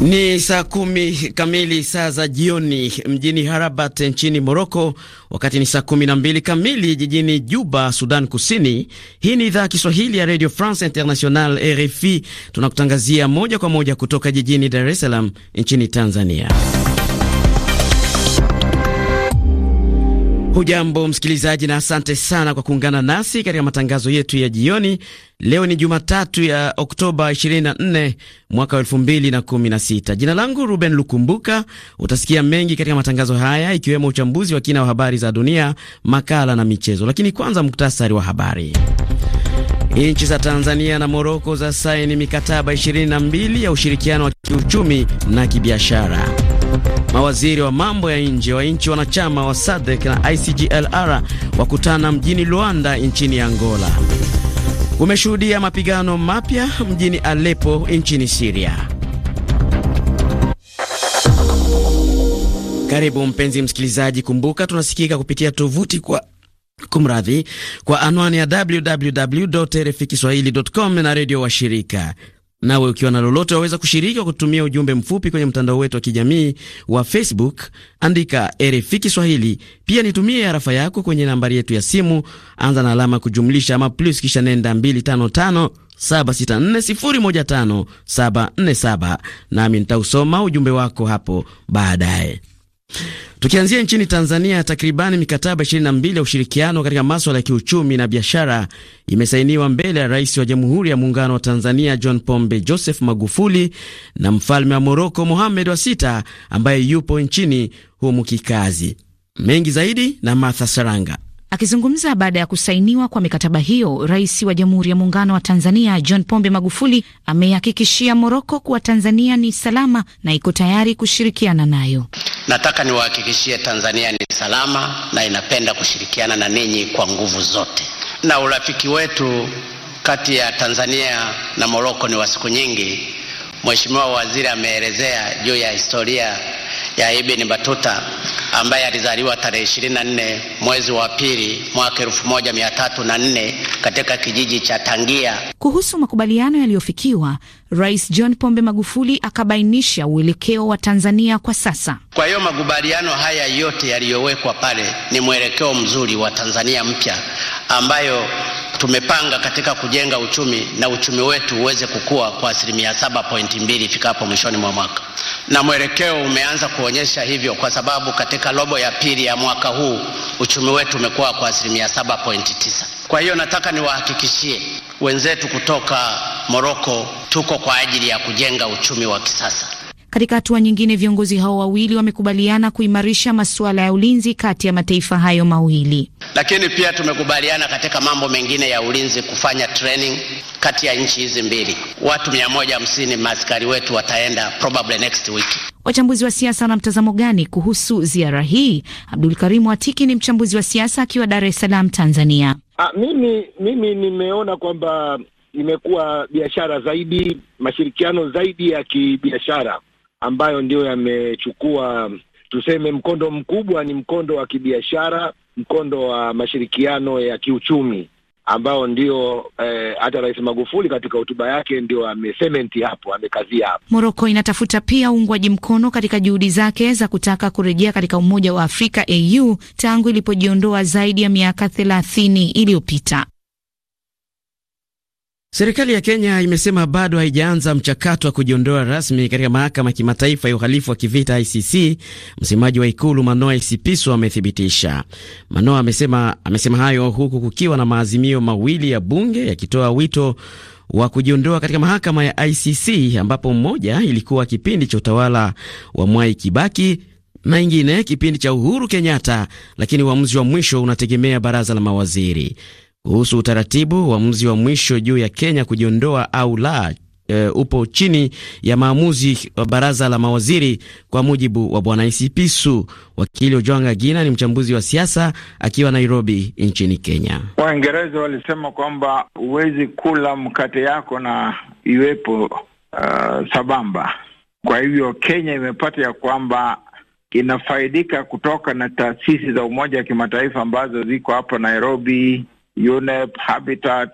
Ni saa kumi kamili saa za jioni mjini Harabat nchini Moroko, wakati ni saa kumi na mbili kamili jijini Juba, Sudan Kusini. Hii ni idhaa ya Kiswahili ya Radio France International, RFI. Tunakutangazia moja kwa moja kutoka jijini Dar es Salaam nchini Tanzania. Hujambo msikilizaji, na asante sana kwa kuungana nasi katika matangazo yetu ya jioni. Leo ni Jumatatu ya Oktoba 24 mwaka 2016. Jina langu Ruben Lukumbuka. Utasikia mengi katika matangazo haya, ikiwemo uchambuzi wa kina wa habari za dunia, makala na michezo, lakini kwanza muktasari wa habari. Nchi za Tanzania na Moroko za saini mikataba 22 ya ushirikiano wa kiuchumi na kibiashara. Mawaziri wa mambo ya nje wa nchi wanachama wa SADC na ICGLR wakutana mjini Luanda nchini Angola. Kumeshuhudia mapigano mapya mjini Aleppo nchini Syria. Karibu mpenzi msikilizaji, kumbuka tunasikika kupitia tovuti kwa kumradhi, kwa anwani ya www.rfikiswahili.com na redio washirika. Nawe ukiwa na lolote, waweza kushiriki kwa kutumia ujumbe mfupi kwenye mtandao wetu wa kijamii wa Facebook, andika RFI Kiswahili. Pia nitumie arafa yako kwenye nambari yetu ya simu, anza na alama kujumlisha ama plus, kisha nenda 255 nami nitausoma ujumbe wako hapo baadaye. Tukianzia nchini Tanzania, takribani mikataba 22 ya ushirikiano katika maswala ya kiuchumi na biashara imesainiwa mbele ya rais wa Jamhuri ya Muungano wa Tanzania John Pombe Joseph Magufuli na mfalme wa Moroko Mohamed wa Sita ambaye yupo nchini humu kikazi. Mengi zaidi na Martha Saranga. Akizungumza baada ya kusainiwa kwa mikataba hiyo, rais wa Jamhuri ya Muungano wa Tanzania John Pombe Magufuli amehakikishia Moroko kuwa Tanzania ni salama na iko tayari kushirikiana nayo. Nataka niwahakikishie Tanzania ni salama na inapenda kushirikiana na ninyi kwa nguvu zote, na urafiki wetu kati ya Tanzania na Moroko ni wa siku nyingi. Mheshimiwa Waziri ameelezea juu ya historia ya Ibn Batuta ambaye alizaliwa tarehe 24 mwezi wa pili mwaka 1304 katika kijiji cha Tangia. Kuhusu makubaliano yaliyofikiwa, Rais John Pombe Magufuli akabainisha uelekeo wa Tanzania kwa sasa. Kwa hiyo makubaliano haya yote yaliyowekwa pale ni mwelekeo mzuri wa Tanzania mpya ambayo tumepanga katika kujenga uchumi na uchumi wetu uweze kukua kwa asilimia 7.2 ifikapo mwishoni mwa mwaka, na mwelekeo umeanza ku kuonyesha hivyo kwa sababu katika robo ya pili ya mwaka huu uchumi wetu umekuwa kwa asilimia 7.9. Kwa hiyo nataka niwahakikishie wenzetu kutoka Moroko, tuko kwa ajili ya kujenga uchumi wa kisasa. Katika hatua nyingine, viongozi hao wawili wamekubaliana kuimarisha masuala ya ulinzi kati ya mataifa hayo mawili, lakini pia tumekubaliana katika mambo mengine ya ulinzi, kufanya training kati ya nchi hizi mbili. Watu hamsini maaskari wetu wataenda probably next week. Wachambuzi wa siasa wana mtazamo gani kuhusu ziara hii? Abdul Karimu Atiki ni mchambuzi wa siasa akiwa Dar es Salaam, Tanzania. A, ah, mimi mimi nimeona kwamba imekuwa biashara zaidi, mashirikiano zaidi ya kibiashara ambayo ndiyo yamechukua tuseme, mkondo mkubwa ni mkondo wa kibiashara, mkondo wa mashirikiano ya kiuchumi ambao ndio eh, hata eh, Rais Magufuli katika hotuba yake ndio amesementi hapo, amekazia hapo. Moroko inatafuta pia uungwaji mkono katika juhudi zake za kutaka kurejea katika Umoja wa Afrika AU tangu ilipojiondoa zaidi ya miaka thelathini iliyopita. Serikali ya Kenya imesema bado haijaanza mchakato wa kujiondoa rasmi katika mahakama ya kimataifa ya uhalifu wa kivita ICC. Msemaji wa ikulu Manoa Esipisu amethibitisha. Manoa amesema, amesema hayo huku kukiwa na maazimio mawili ya bunge yakitoa wito wa kujiondoa katika mahakama ya ICC, ambapo mmoja ilikuwa kipindi cha utawala wa Mwai Kibaki na ingine kipindi cha Uhuru Kenyatta, lakini uamuzi wa mwisho unategemea baraza la mawaziri kuhusu utaratibu. mzi wa mwisho juu ya Kenya kujiondoa au la e, upo chini ya maamuzi wa baraza la mawaziri, kwa mujibu wa bwana Isipisu. Wakili Ojwanga Gina ni mchambuzi wa siasa akiwa Nairobi nchini Kenya. Waingereza walisema kwamba huwezi kula mkate yako na iwepo uh, sabamba. Kwa hivyo Kenya imepata ya kwamba inafaidika kutoka na taasisi za Umoja wa Kimataifa ambazo ziko hapa Nairobi UNEP, Habitat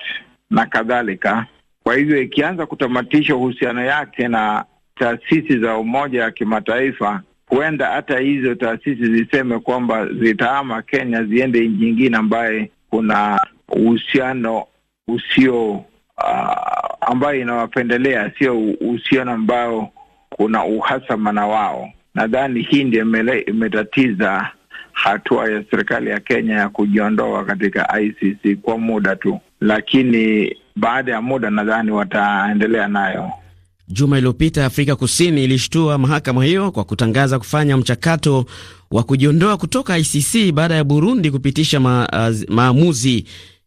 na kadhalika. Kwa hivyo ikianza kutamatisha uhusiano yake na taasisi za Umoja wa Kimataifa, huenda hata hizo taasisi ziseme kwamba zitaama Kenya ziende nchi nyingine ambaye kuna uhusiano usio uh, ambayo inawapendelea, sio uhusiano ambao kuna uhasama na wao. Nadhani hii ndio imetatiza hatua ya serikali ya Kenya ya kujiondoa katika ICC kwa muda tu, lakini baada ya muda nadhani wataendelea nayo. Juma iliyopita Afrika Kusini ilishtua mahakama hiyo kwa kutangaza kufanya mchakato wa kujiondoa kutoka ICC baada ya Burundi kupitisha ma, uh, maamuzi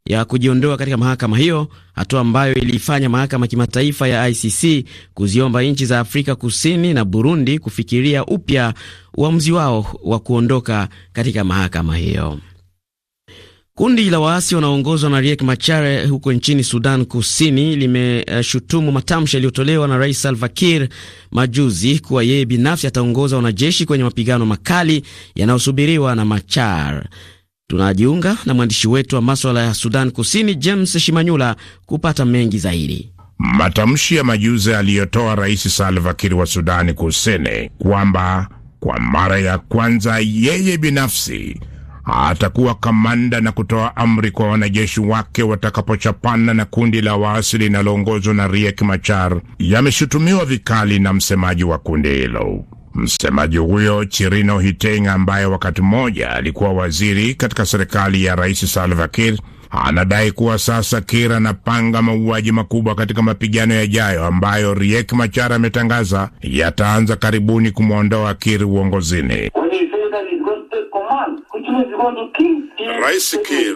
ya kujiondoa katika mahakama hiyo, hatua ambayo iliifanya mahakama kimataifa ya ICC kuziomba nchi za Afrika Kusini na Burundi kufikiria upya uamuzi wao wa kuondoka katika mahakama hiyo. Kundi la waasi wanaoongozwa na Riek Machare huko nchini Sudan Kusini limeshutumu matamshi yaliyotolewa na Rais Salva Kiir majuzi kuwa yeye binafsi ataongoza wanajeshi kwenye mapigano makali yanayosubiriwa na Machar. Tunajiunga na mwandishi wetu wa maswala ya Sudan Kusini, James Shimanyula, kupata mengi zaidi. Matamshi ya majuzi aliyotoa Rais Salva Kiir wa Sudani Kusini kwamba kwa mara ya kwanza yeye binafsi atakuwa kamanda na kutoa amri kwa wanajeshi wake watakapochapana na kundi la waasi linaloongozwa na Riek Machar yameshutumiwa vikali na msemaji wa kundi hilo. Msemaji huyo Chirino Hiteng, ambaye wakati mmoja alikuwa waziri katika serikali ya Rais Salva Kiir, anadai kuwa sasa Kiir anapanga mauaji makubwa katika mapigano yajayo ambayo Riek Machar ametangaza yataanza karibuni kumwondoa Kiir uongozini. Rais Kir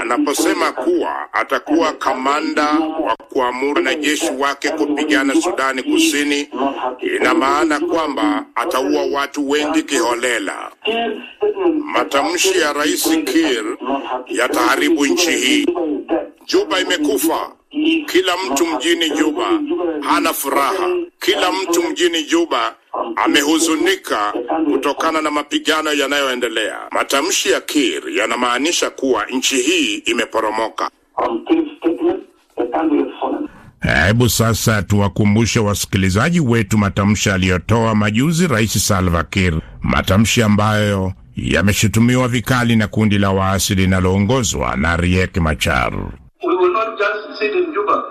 anaposema kuwa atakuwa kamanda wa kuamuru wanajeshi wake kupigana Sudani Kusini, ina maana kwamba ataua watu wengi kiholela. Matamshi ya Rais Kir yataharibu nchi hii. Juba imekufa. Kila mtu mjini Juba hana furaha. Kila mtu mjini Juba amehuzunika kutokana na mapigano yanayoendelea. Matamshi ya kir yanamaanisha kuwa nchi hii imeporomoka. Hebu sasa tuwakumbushe wasikilizaji wetu matamshi aliyotoa majuzi Rais Salva Kir, matamshi ambayo yameshutumiwa vikali na kundi la waasi linaloongozwa na Riek Machar.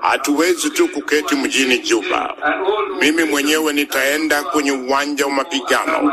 Hatuwezi tu kuketi mjini Juba. Mimi mwenyewe nitaenda kwenye uwanja wa mapigano,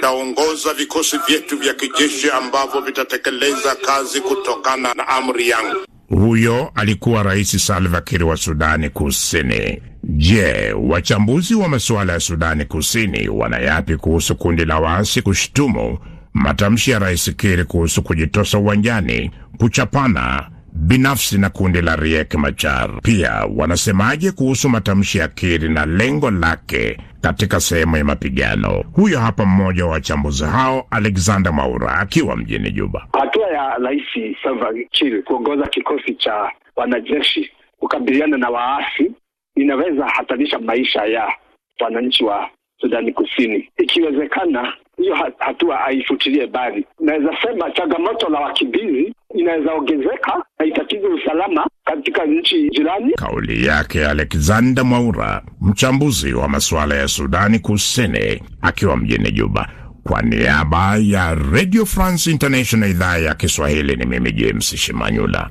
taongoza vikosi vyetu vya kijeshi ambavyo vitatekeleza kazi kutokana na amri yangu. Huyo alikuwa Rais Salva Kiir wa Sudani Kusini. Je, wachambuzi wa masuala ya Sudani Kusini wanayapi kuhusu kundi la waasi kushtumu matamshi ya Rais Kiir kuhusu kujitosa uwanjani, kuchapana binafsi na kundi la Riek Machar. Pia wanasemaje kuhusu matamshi ya Kiri na lengo lake katika sehemu ya mapigano? Huyo hapa mmoja wa wachambuzi hao, Alexander Maura akiwa mjini Juba. Hatua ya Rais Salva Kiir kuongoza kikosi cha wanajeshi kukabiliana na waasi inaweza hatarisha maisha ya wananchi wa Sudani Kusini. Ikiwezekana, hiyo hatua aifutilie bali. Naweza sema changamoto la wakimbizi inaweza ongezeka na itatiza usalama katika nchi jirani. Kauli yake Alexander Mwaura, mchambuzi wa masuala ya Sudani Kusini, akiwa mjini Juba. Kwa niaba ya Radio France International idhaa ya Kiswahili, ni mimi James Shimanyula.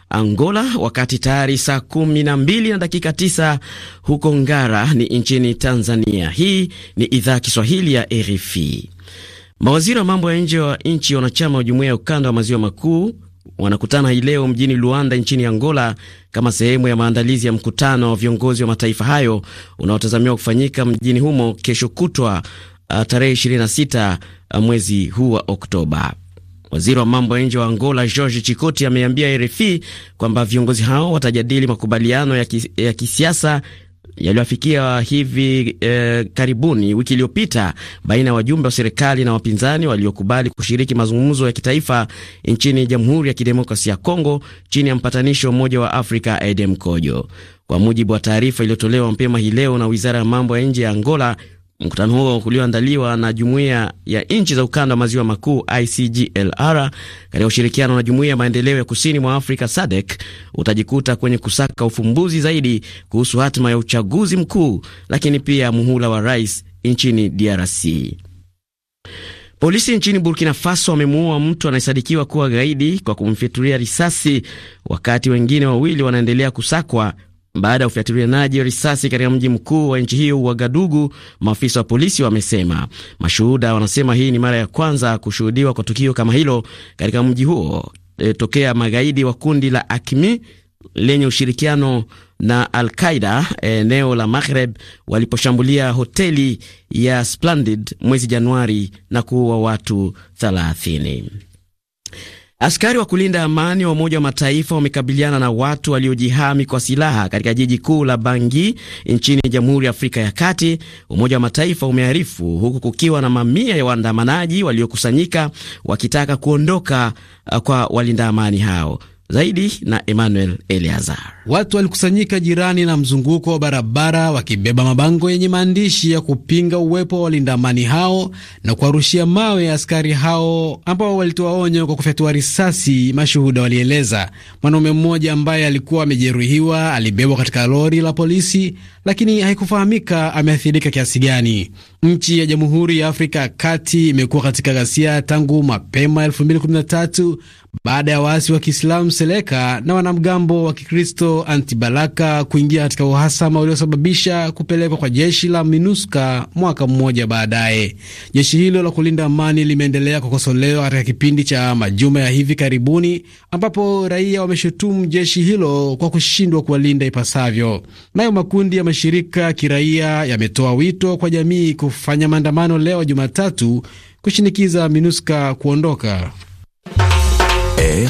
Angola, wakati tayari saa kumi na mbili na dakika tisa huko Ngara ni nchini Tanzania. Hii ni idhaa Kiswahili ya RFI. Mawaziri wa mambo ya nje wa nchi wanachama wa jumuiya ya ukanda wa maziwa makuu wanakutana hii leo mjini Luanda nchini Angola kama sehemu ya maandalizi ya mkutano wa viongozi wa mataifa hayo unaotazamiwa kufanyika mjini humo kesho kutwa uh, tarehe 26 uh, mwezi huu wa Oktoba. Waziri wa mambo ya nje wa Angola George Chikoti ameambia RFI kwamba viongozi hao watajadili makubaliano ya, kis, ya kisiasa yaliyoafikiwa hivi eh, karibuni wiki iliyopita baina ya wajumbe wa serikali na wapinzani waliokubali kushiriki mazungumzo ya kitaifa nchini Jamhuri ya Kidemokrasia ya Kongo chini ya mpatanishi wa Umoja wa Afrika Edem Kojo, kwa mujibu wa taarifa iliyotolewa mapema hii leo na wizara ya mambo ya nje ya Angola. Mkutano huo ulioandaliwa na jumuiya ya nchi za ukanda wa maziwa makuu ICGLR katika ushirikiano na jumuiya ya maendeleo ya kusini mwa Afrika SADC utajikuta kwenye kusaka ufumbuzi zaidi kuhusu hatima ya uchaguzi mkuu, lakini pia muhula wa rais nchini DRC. Polisi nchini Burkina Faso wamemuua mtu anayesadikiwa kuwa gaidi kwa kumfyatulia risasi, wakati wengine wawili wanaendelea kusakwa baada ya wa risasi katika mji mkuu wa nchi hiyo Uagadugu, maafisa wa polisi wamesema. Mashuhuda wanasema hii ni mara ya kwanza kushuhudiwa kwa tukio kama hilo katika mji huo e, tokea magaidi wa kundi la Akmi lenye ushirikiano na Al Qaida eneo la Maghreb waliposhambulia hoteli ya Splendid mwezi Januari na kuua watu 3i0 Askari wa kulinda amani wa Umoja wa Mataifa wamekabiliana na watu waliojihami kwa silaha katika jiji kuu la bangi nchini Jamhuri ya Afrika ya Kati, Umoja wa Mataifa umearifu, huku kukiwa na mamia ya waandamanaji waliokusanyika wakitaka kuondoka uh, kwa walinda amani hao zaidi na Emmanuel Eleazar. Watu walikusanyika jirani na mzunguko wa barabara wakibeba mabango yenye maandishi ya kupinga uwepo wa walinda amani hao na kuwarushia mawe ya askari hao ambao walitoa onyo kwa kufyatua risasi, mashuhuda walieleza. Mwanaume mmoja ambaye alikuwa amejeruhiwa alibebwa katika lori la polisi lakini haikufahamika ameathirika kiasi gani. Nchi ya Jamhuri ya Afrika ya Kati imekuwa katika ghasia tangu mapema 2013 baada ya waasi wa Kiislamu Seleka na wanamgambo wa Kikristo Antibalaka kuingia katika uhasama uliosababisha kupelekwa kwa jeshi la MINUSKA mwaka mmoja baadaye. Jeshi hilo la kulinda amani limeendelea kukosolewa katika kipindi cha majuma ya hivi karibuni ambapo raia wameshutumu jeshi hilo kwa kushindwa kuwalinda ipasavyo. Nayo makundi ya mashirika kiraia yametoa wito kwa jamii kufanya maandamano leo Jumatatu kushinikiza MINUSCA kuondoka. RFI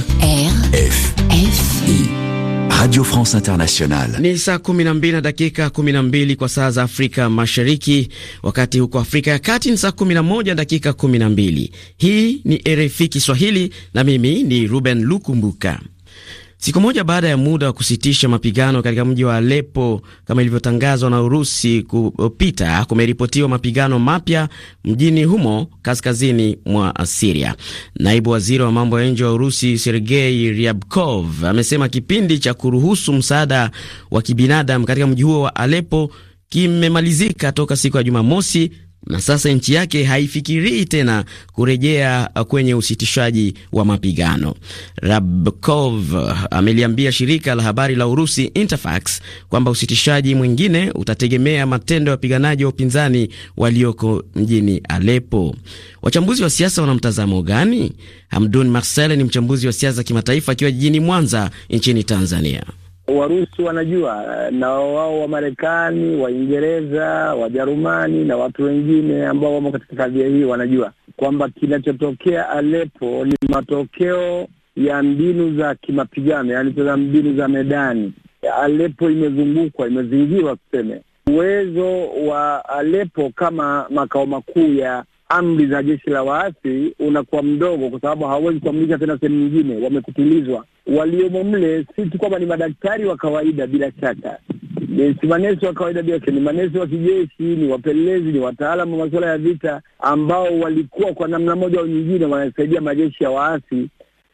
Radio France Internationale. Ni saa 12 na dakika 12 kwa saa za Afrika Mashariki, wakati huko Afrika ya Kati ni saa 11 na dakika 12. Hii ni RFI Kiswahili na mimi ni Ruben Lukumbuka. Siku moja baada ya muda wa kusitisha mapigano katika mji wa Alepo kama ilivyotangazwa na Urusi kupita, kumeripotiwa mapigano mapya mjini humo kaskazini mwa Asiria. Naibu waziri wa mambo ya nje wa Urusi Sergei Ryabkov amesema kipindi cha kuruhusu msaada wa kibinadamu katika mji huo wa Alepo kimemalizika toka siku ya Jumamosi na sasa nchi yake haifikirii tena kurejea kwenye usitishaji wa mapigano. Rabkov ameliambia shirika la habari la Urusi Interfax kwamba usitishaji mwingine utategemea matendo ya wapiganaji wa upinzani walioko mjini alepo Wachambuzi wa siasa wana mtazamo gani? Hamdun Marcel ni mchambuzi wa siasa kimataifa akiwa jijini Mwanza nchini Tanzania. Warusi wanajua eh, na wao Wamarekani, Waingereza, Wajerumani na watu wengine ambao wamo katika kadhia hii wanajua kwamba kinachotokea alepo ni matokeo ya mbinu za kimapigano, yaani za mbinu za medani. alepo imezungukwa, imezingirwa, tuseme uwezo wa alepo kama makao makuu ya amri za jeshi la waasi unakuwa mdogo, kwa sababu hawawezi kuamrisha tena sehemu nyingine, wamekutulizwa Waliomo mle si tu kwamba ni madaktari wa kawaida, bila shaka si manesi wa kawaida, bila shaka ni manesi wa kijeshi, ni wapelelezi, ni wataalamu wa masuala ya vita ambao walikuwa kwa namna moja au nyingine wanasaidia majeshi ya waasi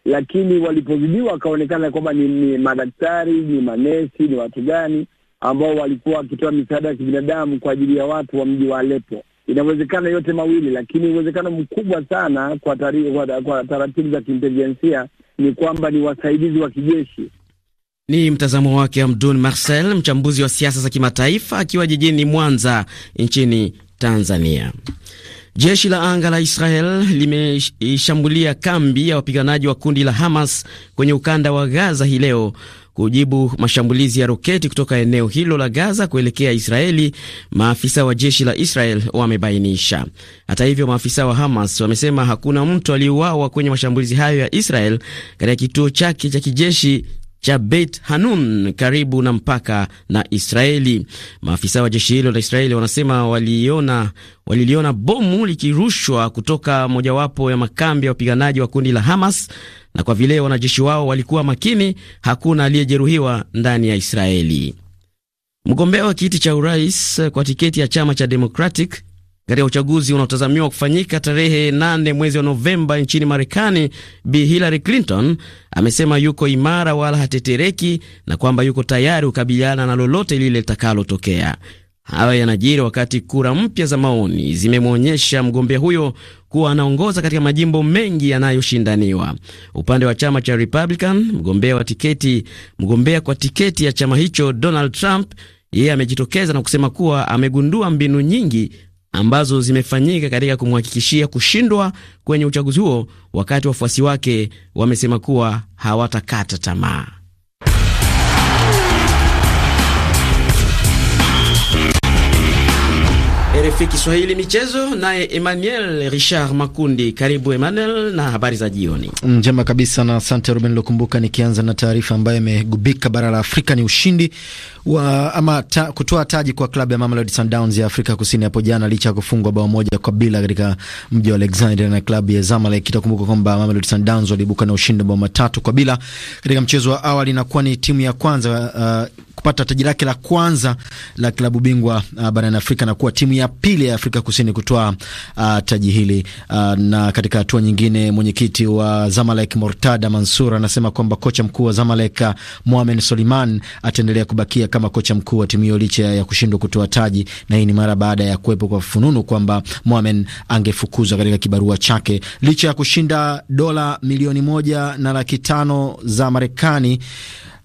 lakini walipozidiwa wakaonekana kwamba ni, ni madaktari ni manesi ni watu gani ambao walikuwa wakitoa misaada ya kibinadamu kwa ajili ya watu wa mji wa alepo inawezekana yote mawili, lakini uwezekano mkubwa sana kwa, kwa, kwa taratibu za kiintelijensia ni kwamba ni wasaidizi wa kijeshi. Ni mtazamo wake Amdun Marcel, mchambuzi wa siasa za kimataifa akiwa jijini Mwanza nchini Tanzania. Jeshi la anga la Israel limeishambulia kambi ya wapiganaji wa kundi la Hamas kwenye ukanda wa Gaza hii leo kujibu mashambulizi ya roketi kutoka eneo hilo la Gaza kuelekea Israeli, maafisa wa jeshi la Israel wamebainisha. Hata hivyo, maafisa wa Hamas wamesema hakuna mtu aliyeuawa kwenye mashambulizi hayo ya Israel katika kituo chake cha kijeshi cha Beit Hanun karibu na mpaka na Israeli. Maafisa wa jeshi hilo la Israeli wanasema waliona waliliona bomu likirushwa kutoka mojawapo ya makambi ya wapiganaji wa kundi la Hamas, na kwa vile wanajeshi wao walikuwa makini, hakuna aliyejeruhiwa ndani ya Israeli. Mgombea wa kiti cha urais kwa tiketi ya chama cha Democratic katika uchaguzi unaotazamiwa kufanyika tarehe 8 mwezi wa Novemba nchini Marekani, Bi Hillary Clinton amesema yuko imara wala hatetereki na kwamba yuko tayari kukabiliana na lolote lile litakalotokea. Hayo yanajiri wakati kura mpya za maoni zimemwonyesha mgombea huyo kuwa anaongoza katika majimbo mengi yanayoshindaniwa. Upande wa chama cha Republican, mgombea wa tiketi mgombea kwa tiketi ya chama hicho Donald Trump yeye amejitokeza na kusema kuwa amegundua mbinu nyingi ambazo zimefanyika katika kumhakikishia kushindwa kwenye uchaguzi huo, wakati wafuasi wake wamesema kuwa hawatakata tamaa. RFI Kiswahili michezo, naye Emmanuel Richard Makundi. Karibu Emmanuel, na habari za jioni. Njema kabisa na asante Ruben Lokumbuka. Nikianza na taarifa ambayo imegubika bara la Afrika ni ushindi wa ama ta, kutoa taji kwa klabu ya Mamelodi Sundowns ya Afrika Kusini hapo jana licha ya kufungwa bao moja kwa bila katika mji wa Alexandria na klabu ya Zamalek. Itakumbuka kwamba Mamelodi Sundowns waliibuka na ushindi wa bao matatu kwa bila katika mchezo wa awali na kuwa ni timu ya kwanza uh, kupata taji lake la kwanza la klabu bingwa uh, barani Afrika na kuwa timu ya ya pili ya Afrika Kusini kutoa uh, taji hili uh, na katika hatua nyingine, mwenyekiti wa Zamalek Mortada Mansur anasema kwamba kocha mkuu wa Zamalek uh, Mohamed Soliman ataendelea kubakia kama kocha mkuu wa timu hiyo licha ya kushindwa kutoa taji, na hii ni mara baada ya kuwepo kwa fununu kwamba Mohamed angefukuzwa katika kibarua chake licha ya kushinda dola milioni moja na laki tano za Marekani.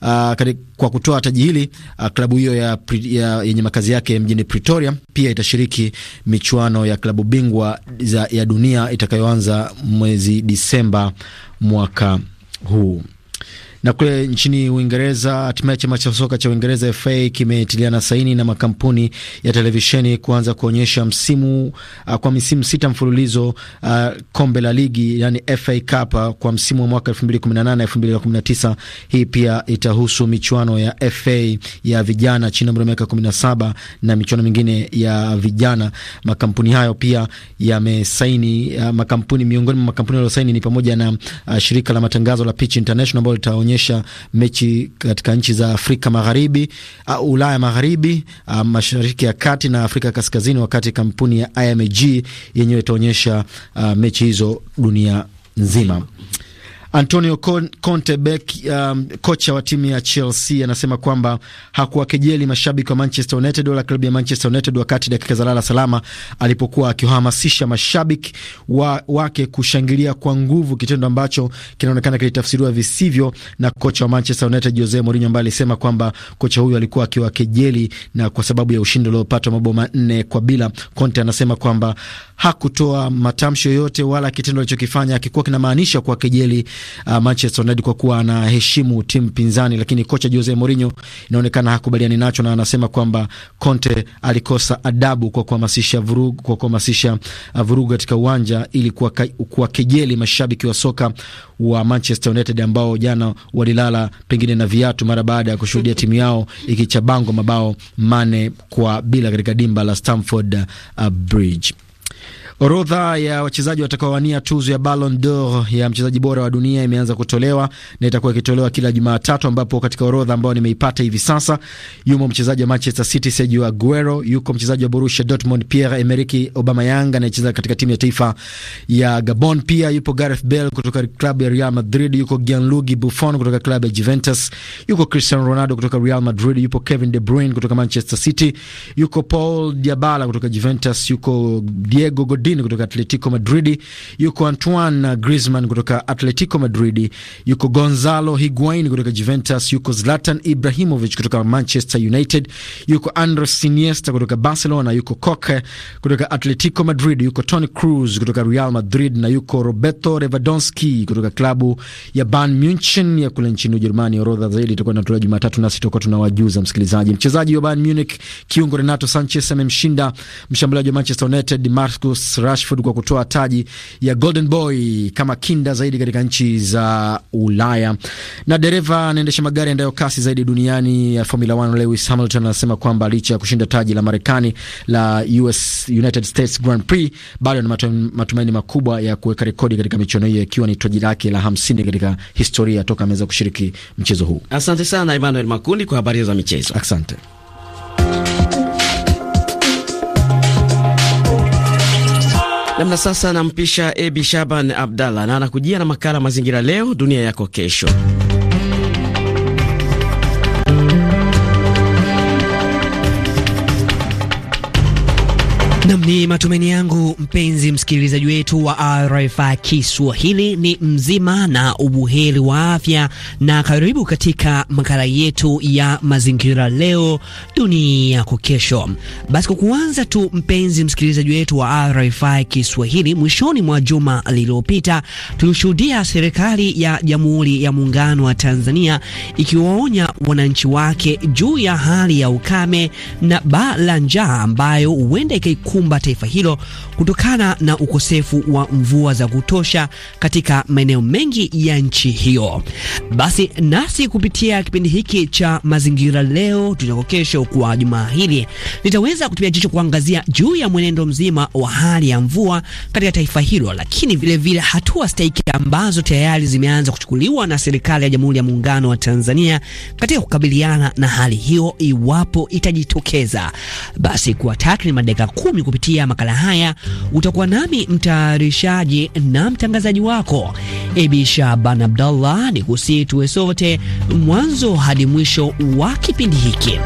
Uh, kwa kutoa taji hili uh, klabu hiyo ya, ya, yenye makazi yake mjini Pretoria pia itashiriki michuano ya klabu bingwa za, ya dunia itakayoanza mwezi Disemba mwaka huu. Na kule nchini Uingereza, hatimaye chama cha soka cha Uingereza FA kimetiliana saini na makampuni ya televisheni kuanza kuonyesha msimu uh, kwa misimu sita mfululizo uh, kombe la ligi yani FA Cup ah, kwa msimu wa mwaka 2018 2019. Hii pia itahusu michuano ya FA ya vijana chini ya umri wa miaka 17 na michuano mingine ya vijana. Makampuni hayo pia yamesaini uh, makampuni miongoni mwa makampuni yaliyosaini ni pamoja na uh, shirika la matangazo la Pitch International ambalo litaonyesha kuonyesha mechi katika nchi za Afrika Magharibi, uh, Ulaya Magharibi, uh, Mashariki ya Kati na Afrika Kaskazini, wakati kampuni ya IMG yenyewe itaonyesha uh, mechi hizo dunia nzima. Antonio Conte Beck, um, kocha wa timu ya Chelsea anasema kwamba hakuwakejeli mashabiki wa Manchester United wala klabu ya Manchester United wakati dakika za lala salama alipokuwa akihamasisha mashabiki wa, wake kushangilia kwa nguvu, kitendo ambacho kinaonekana kilitafsiriwa visivyo na kocha wa Manchester United Jose Mourinho ambaye alisema kwamba kocha huyu alikuwa akiwakejeli na kwa sababu ya ushindi uliopatwa mabao manne kwa bila. Conte anasema kwamba hakutoa matamshi yoyote wala kitendo alichokifanya akikuwa kinamaanisha kuwakejeli uh, Manchester United kwa kuwa anaheshimu timu pinzani, lakini kocha Jose Mourinho inaonekana hakubaliani nacho na anasema kwamba Conte alikosa adabu kwa kuhamasisha vurugu, kwa kuhamasisha uh, vurugu katika uwanja ili kuwakejeli mashabiki wa soka wa Manchester United ambao jana walilala pengine na viatu mara baada ya kushuhudia timu yao ikichabangwa mabao mane kwa bila katika dimba la Stamford uh, Bridge. Orodha ya wachezaji watakaowania tuzo ya Ballon d'Or ya mchezaji bora wa dunia imeanza kutolewa na itakuwa ikitolewa kila Jumatatu, ambapo katika orodha ambayo nimeipata hivi sasa yumo mchezaji wa Manchester City Sergio Aguero, yuko mchezaji wa Borussia Dortmund Pierre Emerick Aubameyang anayecheza katika timu ya taifa ya Gabon, pia yupo Gareth Bale kutoka klabu ya Real Madrid, yuko Gianluigi Buffon kutoka klabu ya Juventus, yuko Cristiano Ronaldo kutoka Real Madrid, yupo Kevin De Bruyne kutoka Manchester City, yuko Paul Diabala kutoka Juventus, yuko Diego Godin Jardin kutoka Atletico Madridi, yuko Antoine Griezmann kutoka Atletico Madridi, yuko Gonzalo Higuain kutoka Juventus, yuko Zlatan Ibrahimovic kutoka Manchester United, yuko Andres Iniesta kutoka Barcelona, yuko Koke kutoka Atletico Madrid, yuko Tony Cruz kutoka Real Madrid na yuko Roberto Lewandowski kutoka klabu ya Bayern Munchen ya kule nchini Ujerumani. Orodha zaidi itakuwa inatolewa Jumatatu, nasi tutakuwa tunawajuza msikilizaji. Mchezaji wa Bayern Munich kiungo Renato Sanchez amemshinda mshambuliaji wa Manchester United Marcus Rashford kwa kutoa taji ya Golden Boy kama kinda zaidi katika nchi za Ulaya. Na dereva anaendesha magari yaendayo kasi zaidi duniani ya Formula 1 Lewis Hamilton anasema kwamba licha ya kushinda taji la Marekani la US, United States Grand Prix bado ana matumaini makubwa ya kuweka rekodi katika michuano hiyo ikiwa ni taji lake la hamsini katika historia toka ameweza kushiriki mchezo huu. Asante sana Emmanuel Makundi kwa habari za michezo. Asante. Namna sasa nampisha Ebi Shaban Abdallah na anakujia na makala Mazingira Leo Dunia Yako Kesho. Nam, ni matumaini yangu mpenzi msikilizaji wetu wa RFI Kiswahili ni mzima na ubuheri wa afya, na karibu katika makala yetu ya mazingira leo dunia yako kesho. Basi kwa kuanza tu, mpenzi msikilizaji wetu wa RFI Kiswahili, mwishoni mwa juma lililopita tulishuhudia serikali ya Jamhuri ya Muungano wa Tanzania ikiwaonya wananchi wake juu ya hali ya ukame na baa la njaa ambayo huenda linalokumba taifa hilo kutokana na ukosefu wa mvua za kutosha katika maeneo mengi ya nchi hiyo. Basi nasi kupitia kipindi hiki cha mazingira leo kesho kwa jumaa hili, nitaweza kutumia jicho kuangazia juu ya mwenendo mzima wa hali ya mvua katika taifa hilo, lakini vilevile hatua stahiki ambazo tayari zimeanza kuchukuliwa na serikali ya Jamhuri ya Muungano wa Tanzania katika kukabiliana na hali hiyo iwapo itajitokeza. Basi kwa takriban dakika kumi jioni kupitia makala haya. Utakuwa nami mtayarishaji na mtangazaji wako Ebi Shaban Abdallah, ni kusihi tuwe sote mwanzo hadi mwisho wa kipindi hiki.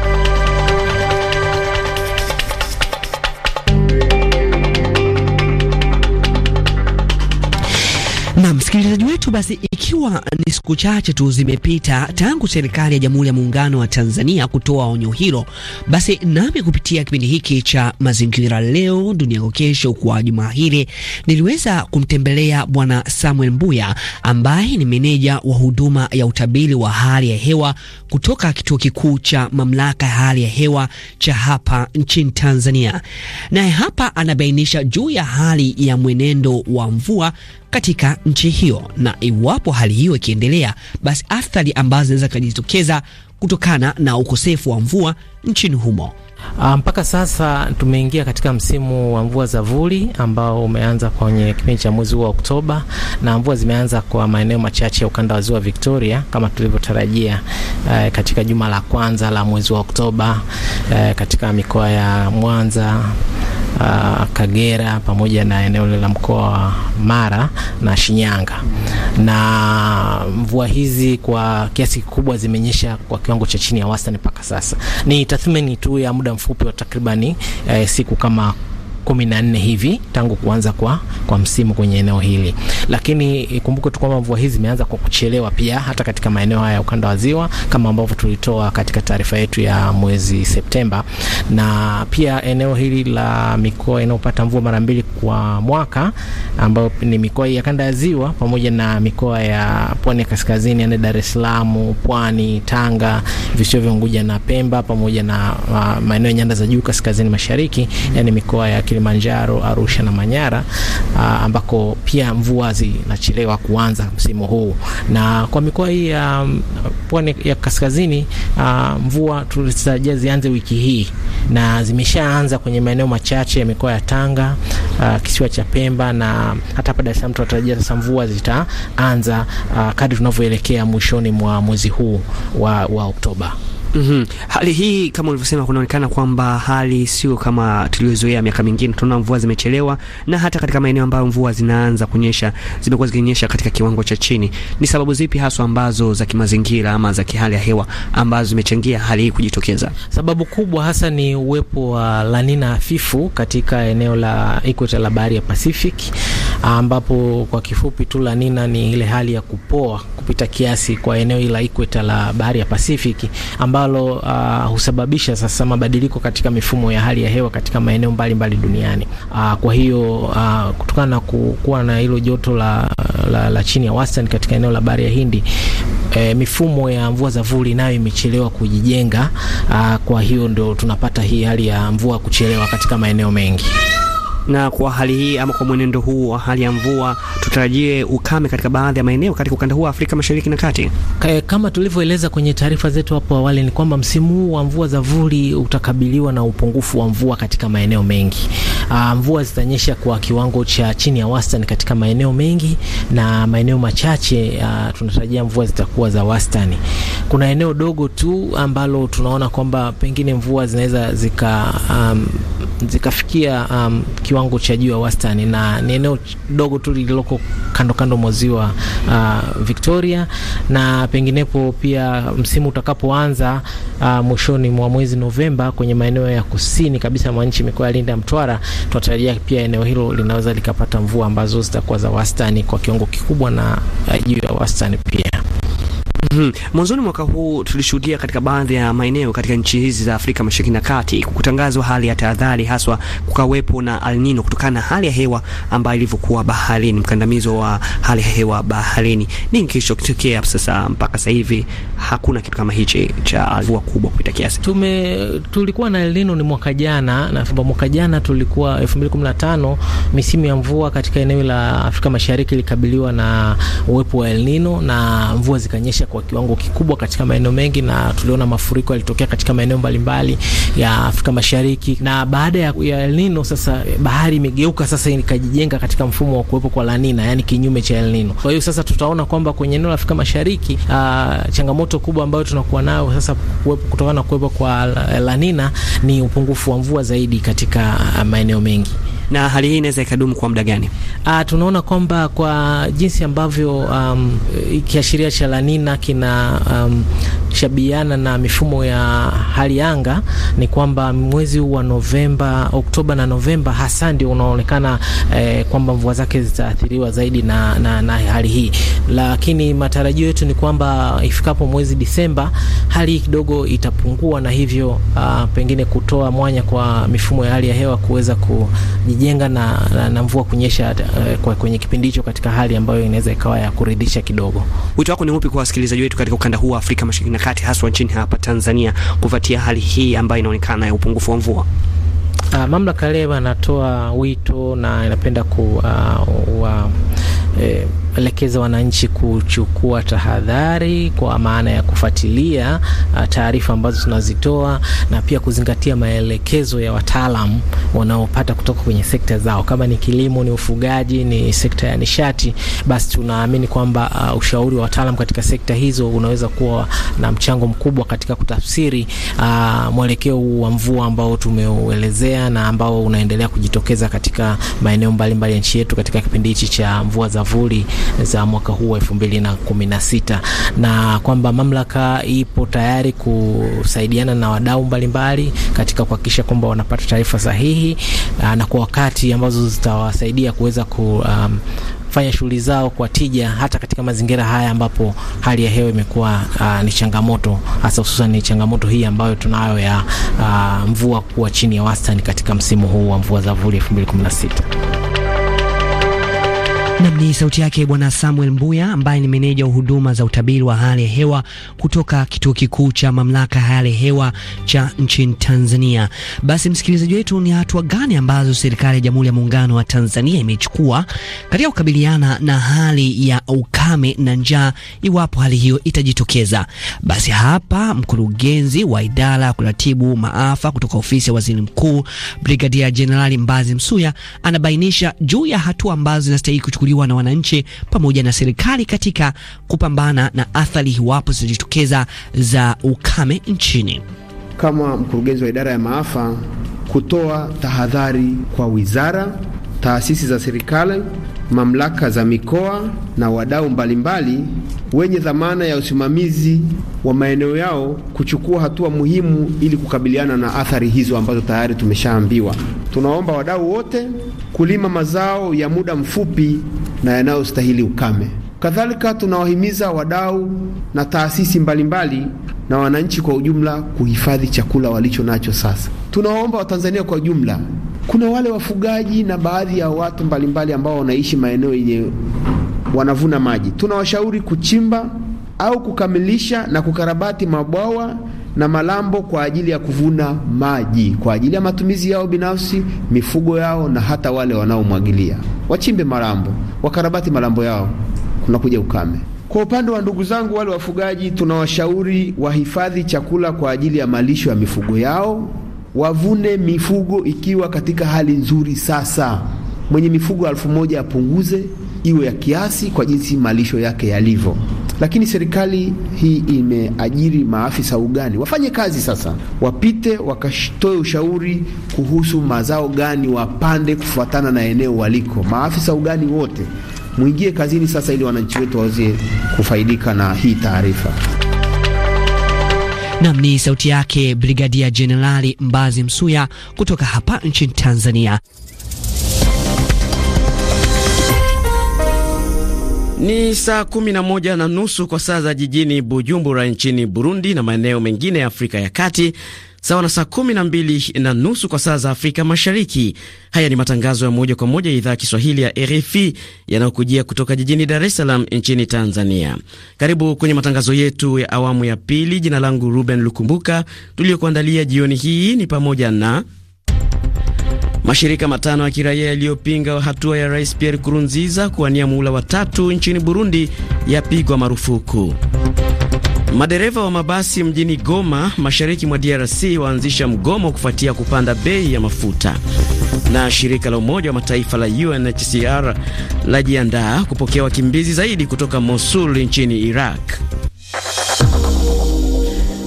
Na msikilizaji wetu, basi ikiwa ni siku chache tu zimepita tangu serikali ya Jamhuri ya Muungano wa Tanzania kutoa onyo hilo, basi nami kupitia kipindi hiki cha Mazingira Leo Dunia Yako Kesho kwa juma hili niliweza kumtembelea Bwana Samuel Mbuya ambaye ni meneja wa huduma ya utabiri wa hali ya hewa kutoka kituo kikuu cha mamlaka ya hali ya hewa cha hapa nchini Tanzania. Naye hapa anabainisha juu ya hali ya mwenendo wa mvua katika nchi hiyo, na iwapo hali hiyo ikiendelea, basi athari ambazo zinaweza kujitokeza kutokana na ukosefu wa mvua nchini humo. Ah, mpaka sasa tumeingia katika msimu wa mvua za vuli ambao umeanza kwenye kipindi cha mwezi huu wa Oktoba, na mvua zimeanza kwa maeneo machache ya ukanda wa ziwa Victoria kama tulivyotarajia, eh, katika juma la kwanza la mwezi wa Oktoba, eh, katika mikoa ya Mwanza, uh, Kagera pamoja na eneo la mkoa wa Mara na Shinyanga. Na mvua hizi kwa kiasi kikubwa zimenyesha kwa kiwango cha chini ya wastani mpaka sasa. Ni tathmini tu ya muda mfupi wa takribani uh, siku kama kumi na nne hivi tangu kuanza kwa, kwa msimu kwenye eneo hili, lakini kumbuke tu kwamba mvua hizi zimeanza kwa kuchelewa pia hata katika maeneo haya ya ukanda wa ziwa kama ambavyo tulitoa katika taarifa yetu ya mwezi Septemba, na pia eneo hili la mikoa inayopata mvua mara mbili kwa mwaka ambayo ni mikoa ya kanda ya ziwa pamoja na mikoa ya pwani ya kaskazini, yani Dar es Salaam, Pwani, Tanga, visiwa vya Unguja na Pemba pamoja na uh, maeneo ya nyanda za juu kaskazini mashariki, yani mikoa ya Kilimanjaro, Arusha na Manyara uh, ambako pia mvua zinachelewa kuanza msimu huu, na kwa mikoa hii ya mm, pwani ya kaskazini uh, mvua tulitarajia zianze wiki hii na zimeshaanza kwenye maeneo machache ya mikoa ya Tanga, uh, kisiwa cha Pemba na hata hapa Dar es Salaam tunatarajia sasa mvua zitaanza uh, kadri tunavyoelekea mwishoni mwa mwezi huu wa, wa Oktoba. Mm -hmm. Hali hii kama ulivyosema, kunaonekana kwamba hali sio kama tuliyozoea miaka mingine. Tunaona mvua zimechelewa na hata katika maeneo ambayo mvua zinaanza kunyesha zimekuwa zikinyesha katika kiwango cha chini. Ni sababu zipi haswa ambazo za kimazingira ama za kihali ya hewa ambazo zimechangia hali hii kujitokeza? Sababu kubwa hasa ni uwepo wa La Nina hafifu katika eneo la ikweta la bahari ya Pacific, ambapo kwa kifupi tu La Nina ni ile hali ya kupoa kupita kiasi kwa eneo la ikweta la bahari ya Pacific ambapo ambalo uh, husababisha sasa mabadiliko katika mifumo ya hali ya hewa katika maeneo mbalimbali duniani. Uh, kwa hiyo uh, kutokana na kuwa na hilo joto la, la, la chini ya wastani katika eneo la bahari ya Hindi E, mifumo ya mvua za vuli nayo imechelewa kujijenga. Uh, kwa hiyo ndio tunapata hii hali ya mvua kuchelewa katika maeneo mengi. Na kwa hali hii ama kwa mwenendo huu wa hali ya mvua, tutarajie ukame katika baadhi ya maeneo katika ukanda huu wa Afrika Mashariki na Kati. Eh, kama tulivyoeleza kwenye taarifa zetu hapo awali, ni kwamba msimu huu wa mvua za vuli utakabiliwa na upungufu wa mvua katika maeneo mengi. Uh, mvua zitanyesha kwa kiwango cha chini ya wastani katika maeneo mengi na maeneo machache uh, tunatarajia mvua zitakuwa za wastani. Kuna eneo dogo tu ambalo tunaona kwamba pengine mvua zinaweza zika um, zikafikia um, kiwango cha juu ya wastani na ni eneo dogo tu lililoko kando kando mwa ziwa uh, Victoria na penginepo pia, msimu utakapoanza uh, mwishoni mwa mwezi Novemba kwenye maeneo ya kusini kabisa mwa nchi, mikoa ya Linda, Mtwara tunatarajia pia eneo hilo linaweza likapata mvua ambazo zitakuwa za wastani kwa kiwango kikubwa na juu ya wastani pia. Mm -hmm. Mwanzoni mwaka huu tulishuhudia katika baadhi ya maeneo katika nchi hizi za Afrika Mashariki na Kati kutangazwa hali ya tahadhari, haswa kukawepo na El Nino kutokana na hali ya hewa ambayo ilivyokuwa baharini, mkandamizo wa hali ya hewa baharini. Nini kilichotokea sasa mpaka sasa hivi hakuna kitu kama hichi cha mvua kubwa kupita kiasi? Tume tulikuwa na El Nino ni mwaka jana, na mwaka jana tulikuwa 2015 misimu ya mvua katika eneo la Afrika Mashariki ilikabiliwa na uwepo wa El Nino na mvua zikanyesha kwa kiwango kikubwa katika maeneo mengi, na tuliona mafuriko yalitokea katika maeneo mbalimbali ya Afrika Mashariki. Na baada ya, ya El Nino sasa eh, bahari imegeuka sasa ikajijenga katika mfumo wa kuwepo kwa La Nina, yani kinyume cha El Nino. Kwa hiyo sasa tutaona kwamba kwenye eneo la Afrika Mashariki uh, changamoto kubwa ambayo tunakuwa nayo sasa kuwepo kutokana na kuwepo kwa La Nina ni upungufu wa mvua zaidi katika ah, maeneo mengi na hali hii inaweza ikadumu kwa muda gani? Ah, tunaona kwamba kwa jinsi ambavyo um, kiashiria cha La Nina kina um, shabiana na mifumo ya hali anga ni kwamba mwezi wa Novemba, Oktoba na Novemba hasa ndio unaonekana eh, kwamba mvua zake zitaathiriwa zaidi na, na, na hali hii, lakini matarajio yetu ni kwamba ifikapo mwezi Disemba hali hii kidogo itapungua, na hivyo uh, pengine kutoa mwanya kwa mifumo ya hali ya hewa kuweza kujijenga na, na, na mvua kunyesha uh, kwenye kipindi hicho katika hali ambayo inaweza ikawa ya kuridhisha kidogo. Wito wako ni upi kwa wasikilizaji wetu katika ukanda huu wa Afrika Mashariki na kati haswa nchini hapa Tanzania kufuatia hali hii ambayo inaonekana ya upungufu wa mvua? Uh, mamlaka leo anatoa wito na inapenda ku uh, uh, uh, kuelekeza wananchi kuchukua tahadhari kwa maana ya kufuatilia uh, taarifa ambazo tunazitoa na pia kuzingatia maelekezo ya wataalam wanaopata kutoka kwenye sekta zao, kama ni kilimo, ni ufugaji, ni sekta ya nishati, basi tunaamini kwamba uh, ushauri wa wataalam katika sekta hizo unaweza kuwa na mchango mkubwa katika kutafsiri uh, mwelekeo wa mvua ambao tumeuelezea na ambao unaendelea kujitokeza katika maeneo mbalimbali ya nchi yetu katika kipindi hichi cha mvua za vuli za mwaka huu wa 2016 na kwamba mamlaka ipo tayari kusaidiana na wadau mbalimbali katika kuhakikisha kwamba wanapata taarifa sahihi ah, na kwa wakati ambazo zitawasaidia kuweza ku um, fanya shughuli zao kwa tija hata katika mazingira haya ambapo hali ya hewa imekuwa uh, ni changamoto hasa hususan ni changamoto hii ambayo tunayo ya uh, mvua kuwa chini ya wastani katika msimu huu wa mvua za vuli 2016. Nam ni sauti yake Bwana Samuel Mbuya ambaye ni meneja wa huduma za utabiri wa hali ya hewa kutoka kituo kikuu cha mamlaka ya hali ya hewa cha nchini Tanzania. Basi msikilizaji wetu, ni hatua gani ambazo serikali ya Jamhuri ya Muungano wa Tanzania imechukua katika kukabiliana na hali ya ukame na njaa iwapo hali hiyo itajitokeza? Basi hapa mkurugenzi wa idara ya kuratibu maafa kutoka ofisi ya waziri mkuu Brigadia Jenerali Mbazi Msuya anabainisha juu ya hatua ambazo zinastahili kuchukuliwa kuchukuliwa na wananchi pamoja na serikali katika kupambana na athari iwapo zitajitokeza za ukame nchini. Kama mkurugenzi wa idara ya maafa, kutoa tahadhari kwa wizara taasisi za serikali, mamlaka za mikoa na wadau mbalimbali wenye dhamana ya usimamizi wa maeneo yao kuchukua hatua muhimu ili kukabiliana na athari hizo ambazo tayari tumeshaambiwa. Tunaomba wadau wote kulima mazao ya muda mfupi na yanayostahili ukame. Kadhalika, tunawahimiza wadau na taasisi mbalimbali mbali na wananchi kwa ujumla kuhifadhi chakula walicho nacho sasa. Tunawaomba Watanzania kwa ujumla kuna wale wafugaji na baadhi ya watu mbalimbali ambao wanaishi maeneo yenye wanavuna maji, tunawashauri kuchimba au kukamilisha na kukarabati mabwawa na malambo kwa ajili ya kuvuna maji kwa ajili ya matumizi yao binafsi, mifugo yao na hata wale wanaomwagilia. Wachimbe malambo, wakarabati malambo yao, kunakuja ukame. Kwa upande wa ndugu zangu wale wafugaji, tunawashauri wahifadhi chakula kwa ajili ya malisho ya mifugo yao wavune mifugo ikiwa katika hali nzuri. Sasa mwenye mifugo elfu moja apunguze iwe ya kiasi kwa jinsi malisho yake yalivyo. Lakini serikali hii imeajiri maafisa ugani, wafanye kazi sasa, wapite wakatoe ushauri kuhusu mazao gani wapande kufuatana na eneo waliko. Maafisa ugani wote mwingie kazini sasa, ili wananchi wetu waweze kufaidika na hii taarifa. Nam ni sauti yake Brigadia Jenerali Mbazi Msuya kutoka hapa nchini Tanzania. Ni saa kumi na moja na nusu kwa saa za jijini Bujumbura nchini Burundi na maeneo mengine ya Afrika ya Kati, sawa na saa kumi na mbili na nusu kwa saa za Afrika Mashariki. Haya ni matangazo ya moja kwa moja ya idhaa ya Kiswahili ya RFI yanayokujia kutoka jijini Dar es Salaam nchini Tanzania. Karibu kwenye matangazo yetu ya awamu ya pili. Jina langu Ruben Lukumbuka. Tuliyokuandalia jioni hii ni pamoja na mashirika matano ya kiraia yaliyopinga hatua ya Rais Pierre Kurunziza kuwania muhula wa tatu nchini Burundi yapigwa marufuku Madereva wa mabasi mjini Goma, mashariki mwa DRC, waanzisha mgomo kufuatia kupanda bei ya mafuta. Na shirika la Umoja wa Mataifa la UNHCR lajiandaa kupokea wakimbizi zaidi kutoka Mosul nchini Iraq.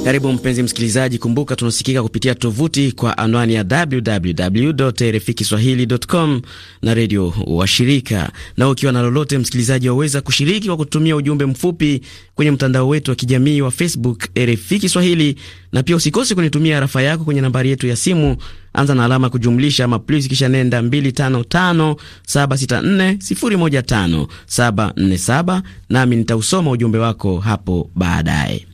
Karibu mpenzi msikilizaji, kumbuka tunasikika kupitia tovuti kwa anwani ya www.rfikiswahili.com na redio washirika. Na ukiwa na lolote msikilizaji, waweza kushiriki kwa kutumia ujumbe mfupi kwenye mtandao wetu wa kijamii wa Facebook RFI Kiswahili, na pia usikose kunitumia arafa yako kwenye nambari yetu ya simu, anza na alama kujumlisha ama plus kisha nenda 255764015747 nami nitausoma ujumbe wako hapo baadaye.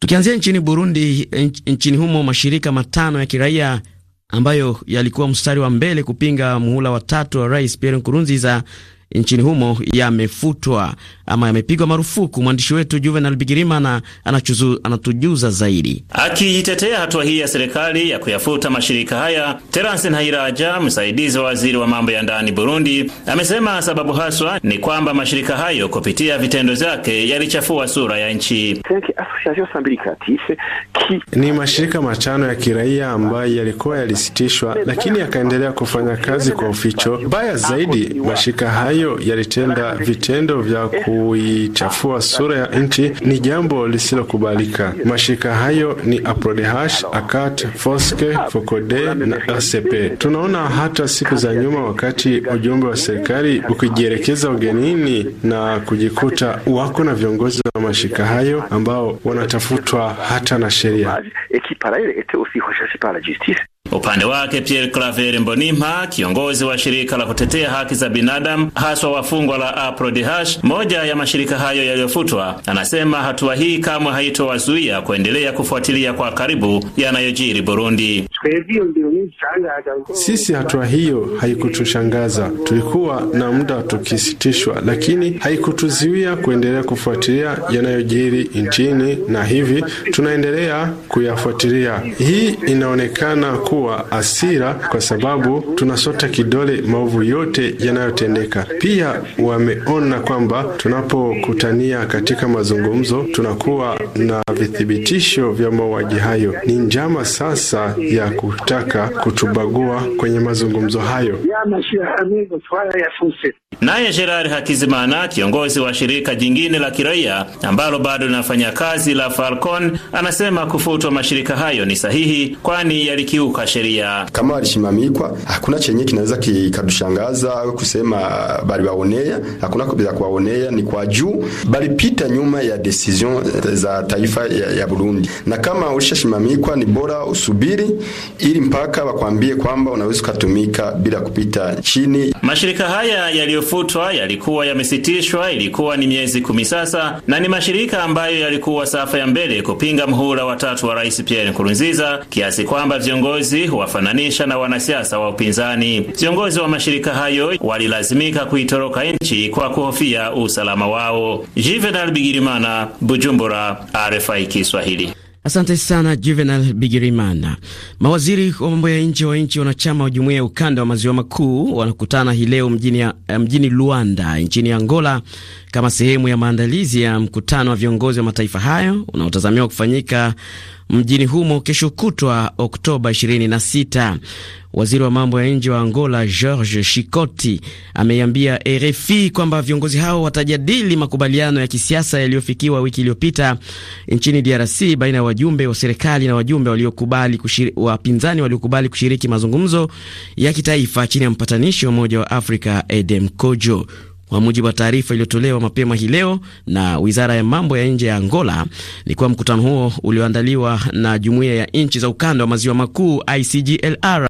Tukianzia nchini Burundi, nchini humo mashirika matano ya kiraia ambayo yalikuwa mstari wa mbele kupinga muhula wa tatu wa Rais Pierre Nkurunziza nchini humo yamefutwa ama yamepigwa marufuku. Mwandishi wetu Juvenal Bigirimana anatujuza zaidi. Akiitetea hatua hii ya serikali ya kuyafuta mashirika haya, Terence nairaja msaidizi wa waziri wa mambo ya ndani Burundi, amesema sababu haswa ni kwamba mashirika hayo kupitia vitendo vyake yalichafua sura ya nchi. Ni mashirika matano ya kiraia ambayo yalikuwa yalisitishwa, lakini yakaendelea kufanya kazi kwa uficho. Baya zaidi, mashirika hayo hiyo yalitenda vitendo vya kuichafua sura ya nchi ni jambo lisilokubalika. Mashirika hayo ni Aprodehash, Akat, Foske, Fokode na ACP. Tunaona hata siku za nyuma, wakati ujumbe wa serikali ukijielekeza ugenini na kujikuta wako na viongozi wa mashirika hayo ambao wanatafutwa hata na sheria. Upande wake Pierre Claver Mbonimpa, kiongozi wa shirika la kutetea haki za binadamu haswa wafungwa la APRODH, moja ya mashirika hayo yaliyofutwa, anasema hatua hii kamwe haitowazuia kuendelea kufuatilia kwa karibu yanayojiri Burundi. Sisi hatua hiyo haikutushangaza, tulikuwa na muda tukisitishwa, lakini haikutuziwia kuendelea kufuatilia yanayojiri nchini, na hivi tunaendelea kuyafuatilia. Hii inaonekana kuwa asira kwa sababu tunasota kidole maovu yote yanayotendeka. Pia wameona kwamba tunapokutania katika mazungumzo tunakuwa na vithibitisho vya mauaji hayo. Ni njama sasa ya kutaka kutubagua kwenye mazungumzo hayo. Naye Gerard Hakizimana, kiongozi wa shirika jingine la kiraia ambalo bado linafanya kazi la Falcon, anasema kufutwa mashirika hayo ni sahihi, kwani yalikiuka sheria. Kama walishimamikwa, hakuna chenye kinaweza kikatushangaza kusema ah, bali waonea, hakuna kubeza kuwaonea, ni kwa juu balipita nyuma ya decision za taifa ya, ya Burundi, na kama ulishashimamikwa ni bora usubiri ili mpaka wakwambie kwamba unaweza ukatumika bila kupita chini. Mashirika haya yaliyo yaliyofutwa yalikuwa yamesitishwa, ilikuwa ni miezi kumi sasa, na ni mashirika ambayo yalikuwa safa ya mbele kupinga mhula watatu wa Rais Pierre Nkurunziza, kiasi kwamba viongozi huwafananisha na wanasiasa wa upinzani. Viongozi wa mashirika hayo walilazimika kuitoroka nchi kwa kuhofia usalama wao. Juvenal Bigirimana, Bujumbura, RFI Kiswahili. Asante sana Juvenal Bigirimana. Mawaziri wa mambo ya nje wa nchi wanachama wa jumuiya ya ukanda wa maziwa makuu wanakutana hii leo mjini, eh, mjini Luanda nchini Angola kama sehemu ya maandalizi ya mkutano wa viongozi wa mataifa hayo unaotazamiwa kufanyika mjini humo kesho kutwa Oktoba 26. Waziri wa mambo ya nje wa Angola George Shikoti ameiambia RFI kwamba viongozi hao watajadili makubaliano ya kisiasa yaliyofikiwa wiki iliyopita nchini DRC baina ya wajumbe wa serikali na wajumbe waliokubali kushiri, wapinzani waliokubali kushiriki mazungumzo ya kitaifa chini ya mpatanishi wa Umoja wa Afrika Edem Kojo. Kwa mujibu wa taarifa iliyotolewa mapema hii leo na wizara ya mambo ya nje ya Angola, ni kuwa mkutano huo ulioandaliwa na jumuiya ya nchi za ukanda wa maziwa makuu ICGLR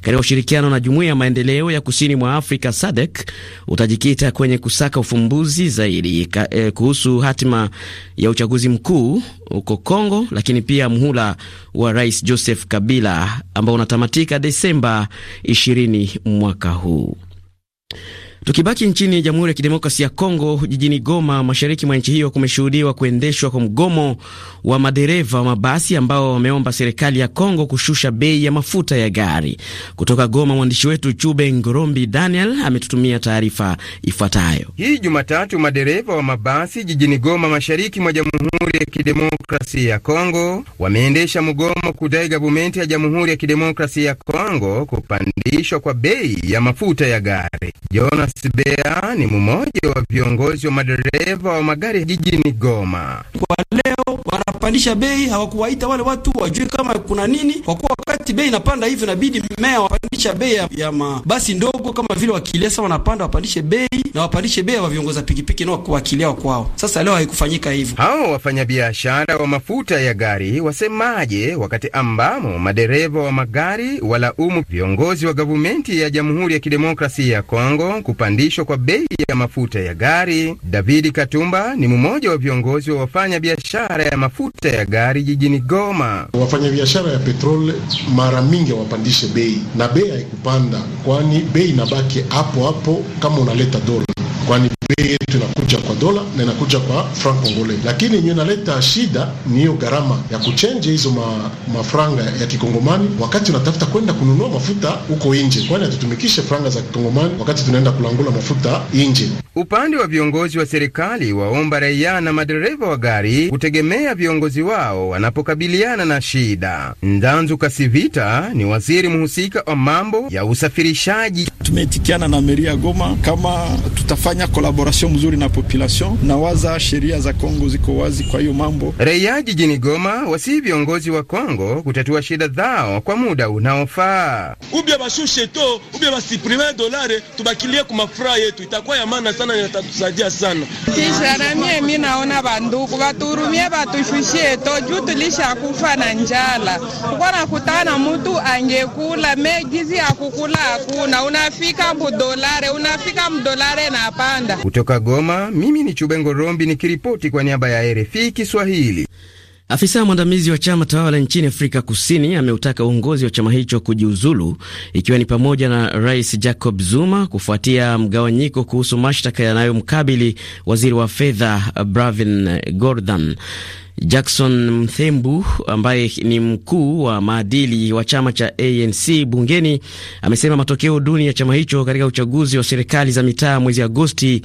katika ushirikiano na jumuiya ya maendeleo ya kusini mwa Afrika SADC utajikita kwenye kusaka ufumbuzi zaidi ka, eh, kuhusu hatima ya uchaguzi mkuu huko Kongo, lakini pia mhula wa Rais Joseph Kabila ambao unatamatika Desemba 20 mwaka huu. Tukibaki nchini Jamhuri ya kidemokrasi ya Kongo, jijini Goma, mashariki mwa nchi hiyo, kumeshuhudiwa kuendeshwa kwa mgomo wa madereva wa mabasi ambao wameomba serikali ya Kongo kushusha bei ya mafuta ya gari. Kutoka Goma, mwandishi wetu Chube Ngorombi Daniel ametutumia taarifa ifuatayo. Hii Jumatatu, madereva wa mabasi jijini Goma, mashariki mwa Jamhuri ya kidemokrasi ya Kongo, wameendesha mgomo kudai gavumenti ya Jamhuri ya kidemokrasi ya Kongo kupandishwa kwa bei ya mafuta ya gari Jonas Thomas Bea ni mmoja wa viongozi wa madereva wa magari jijini Goma. Kwa leo wanapandisha bei, hawakuwaita wale watu wajue kama kuna nini, kwa kuwa wakati bei inapanda hivyo inabidi mmea wapandisha bei ya, ya mabasi ndogo kama vile wakilesa wanapanda, wapandishe bei na wapandishe bei wa viongoza pikipiki na wakilia wa kwao. Sasa leo haikufanyika hivyo. Hao wafanyabiashara wa mafuta ya gari wasemaje wakati ambamo madereva wa magari walaumu viongozi wa gavumenti ya Jamhuri ya Kidemokrasia ya Kongo kupandishwa kwa bei ya mafuta ya gari. David Katumba ni mmoja wa viongozi wa wafanya biashara ya mafuta ya gari jijini Goma. Wafanyabiashara ya petroli mara mingi hawapandishe bei, na bei haikupanda, kwani bei inabaki hapo hapo kama unaleta dola, kwani bei yetu inakuja kwa dola na inakuja kwa franc congolais, lakini nyo inaleta shida ni hiyo gharama ya kuchenje hizo ma, mafranga ya kikongomani wakati unatafuta kwenda kununua mafuta huko nje, kwani hatutumikishe franga za kikongomani wakati tunaenda kulangula mafuta nje. Upande wa viongozi wa serikali waomba raia na madereva wa gari kutegemea viongozi wao wanapokabiliana na shida. Ndanzu Kasivita ni waziri mhusika wa mambo ya usafirishaji. Tumeitikiana na meria Goma kama tutafanya kolabo collaboration mzuri na population na waza, sheria za Kongo ziko wazi kwa hiyo mambo. Raia jijini Goma wasihi viongozi wa Kongo kutatua shida zao kwa muda unaofaa, ubya bashushe to ubya basiprime dolare, tubakilie ku mafuraha yetu, itakuwa ya maana sana na itatusaidia sana. mie mi naona banduku baturumie batushushe to juu tulisha kufa na njala, uko nakutana mutu angekula megizi ya kukula hakuna, unafika mudolare unafika mudolare na panda kutoka Goma, mimi ni Chubengo Rombi nikiripoti kwa niaba ya RFI Kiswahili. Afisa mwandamizi wa chama tawala nchini Afrika Kusini ameutaka uongozi wa chama hicho kujiuzulu ikiwa ni pamoja na Rais Jacob Zuma kufuatia mgawanyiko kuhusu mashtaka yanayomkabili waziri wa fedha Bravin Gordhan. Jackson Mthembu ambaye ni mkuu wa maadili wa chama cha ANC bungeni amesema matokeo duni ya chama hicho katika uchaguzi wa serikali za mitaa mwezi Agosti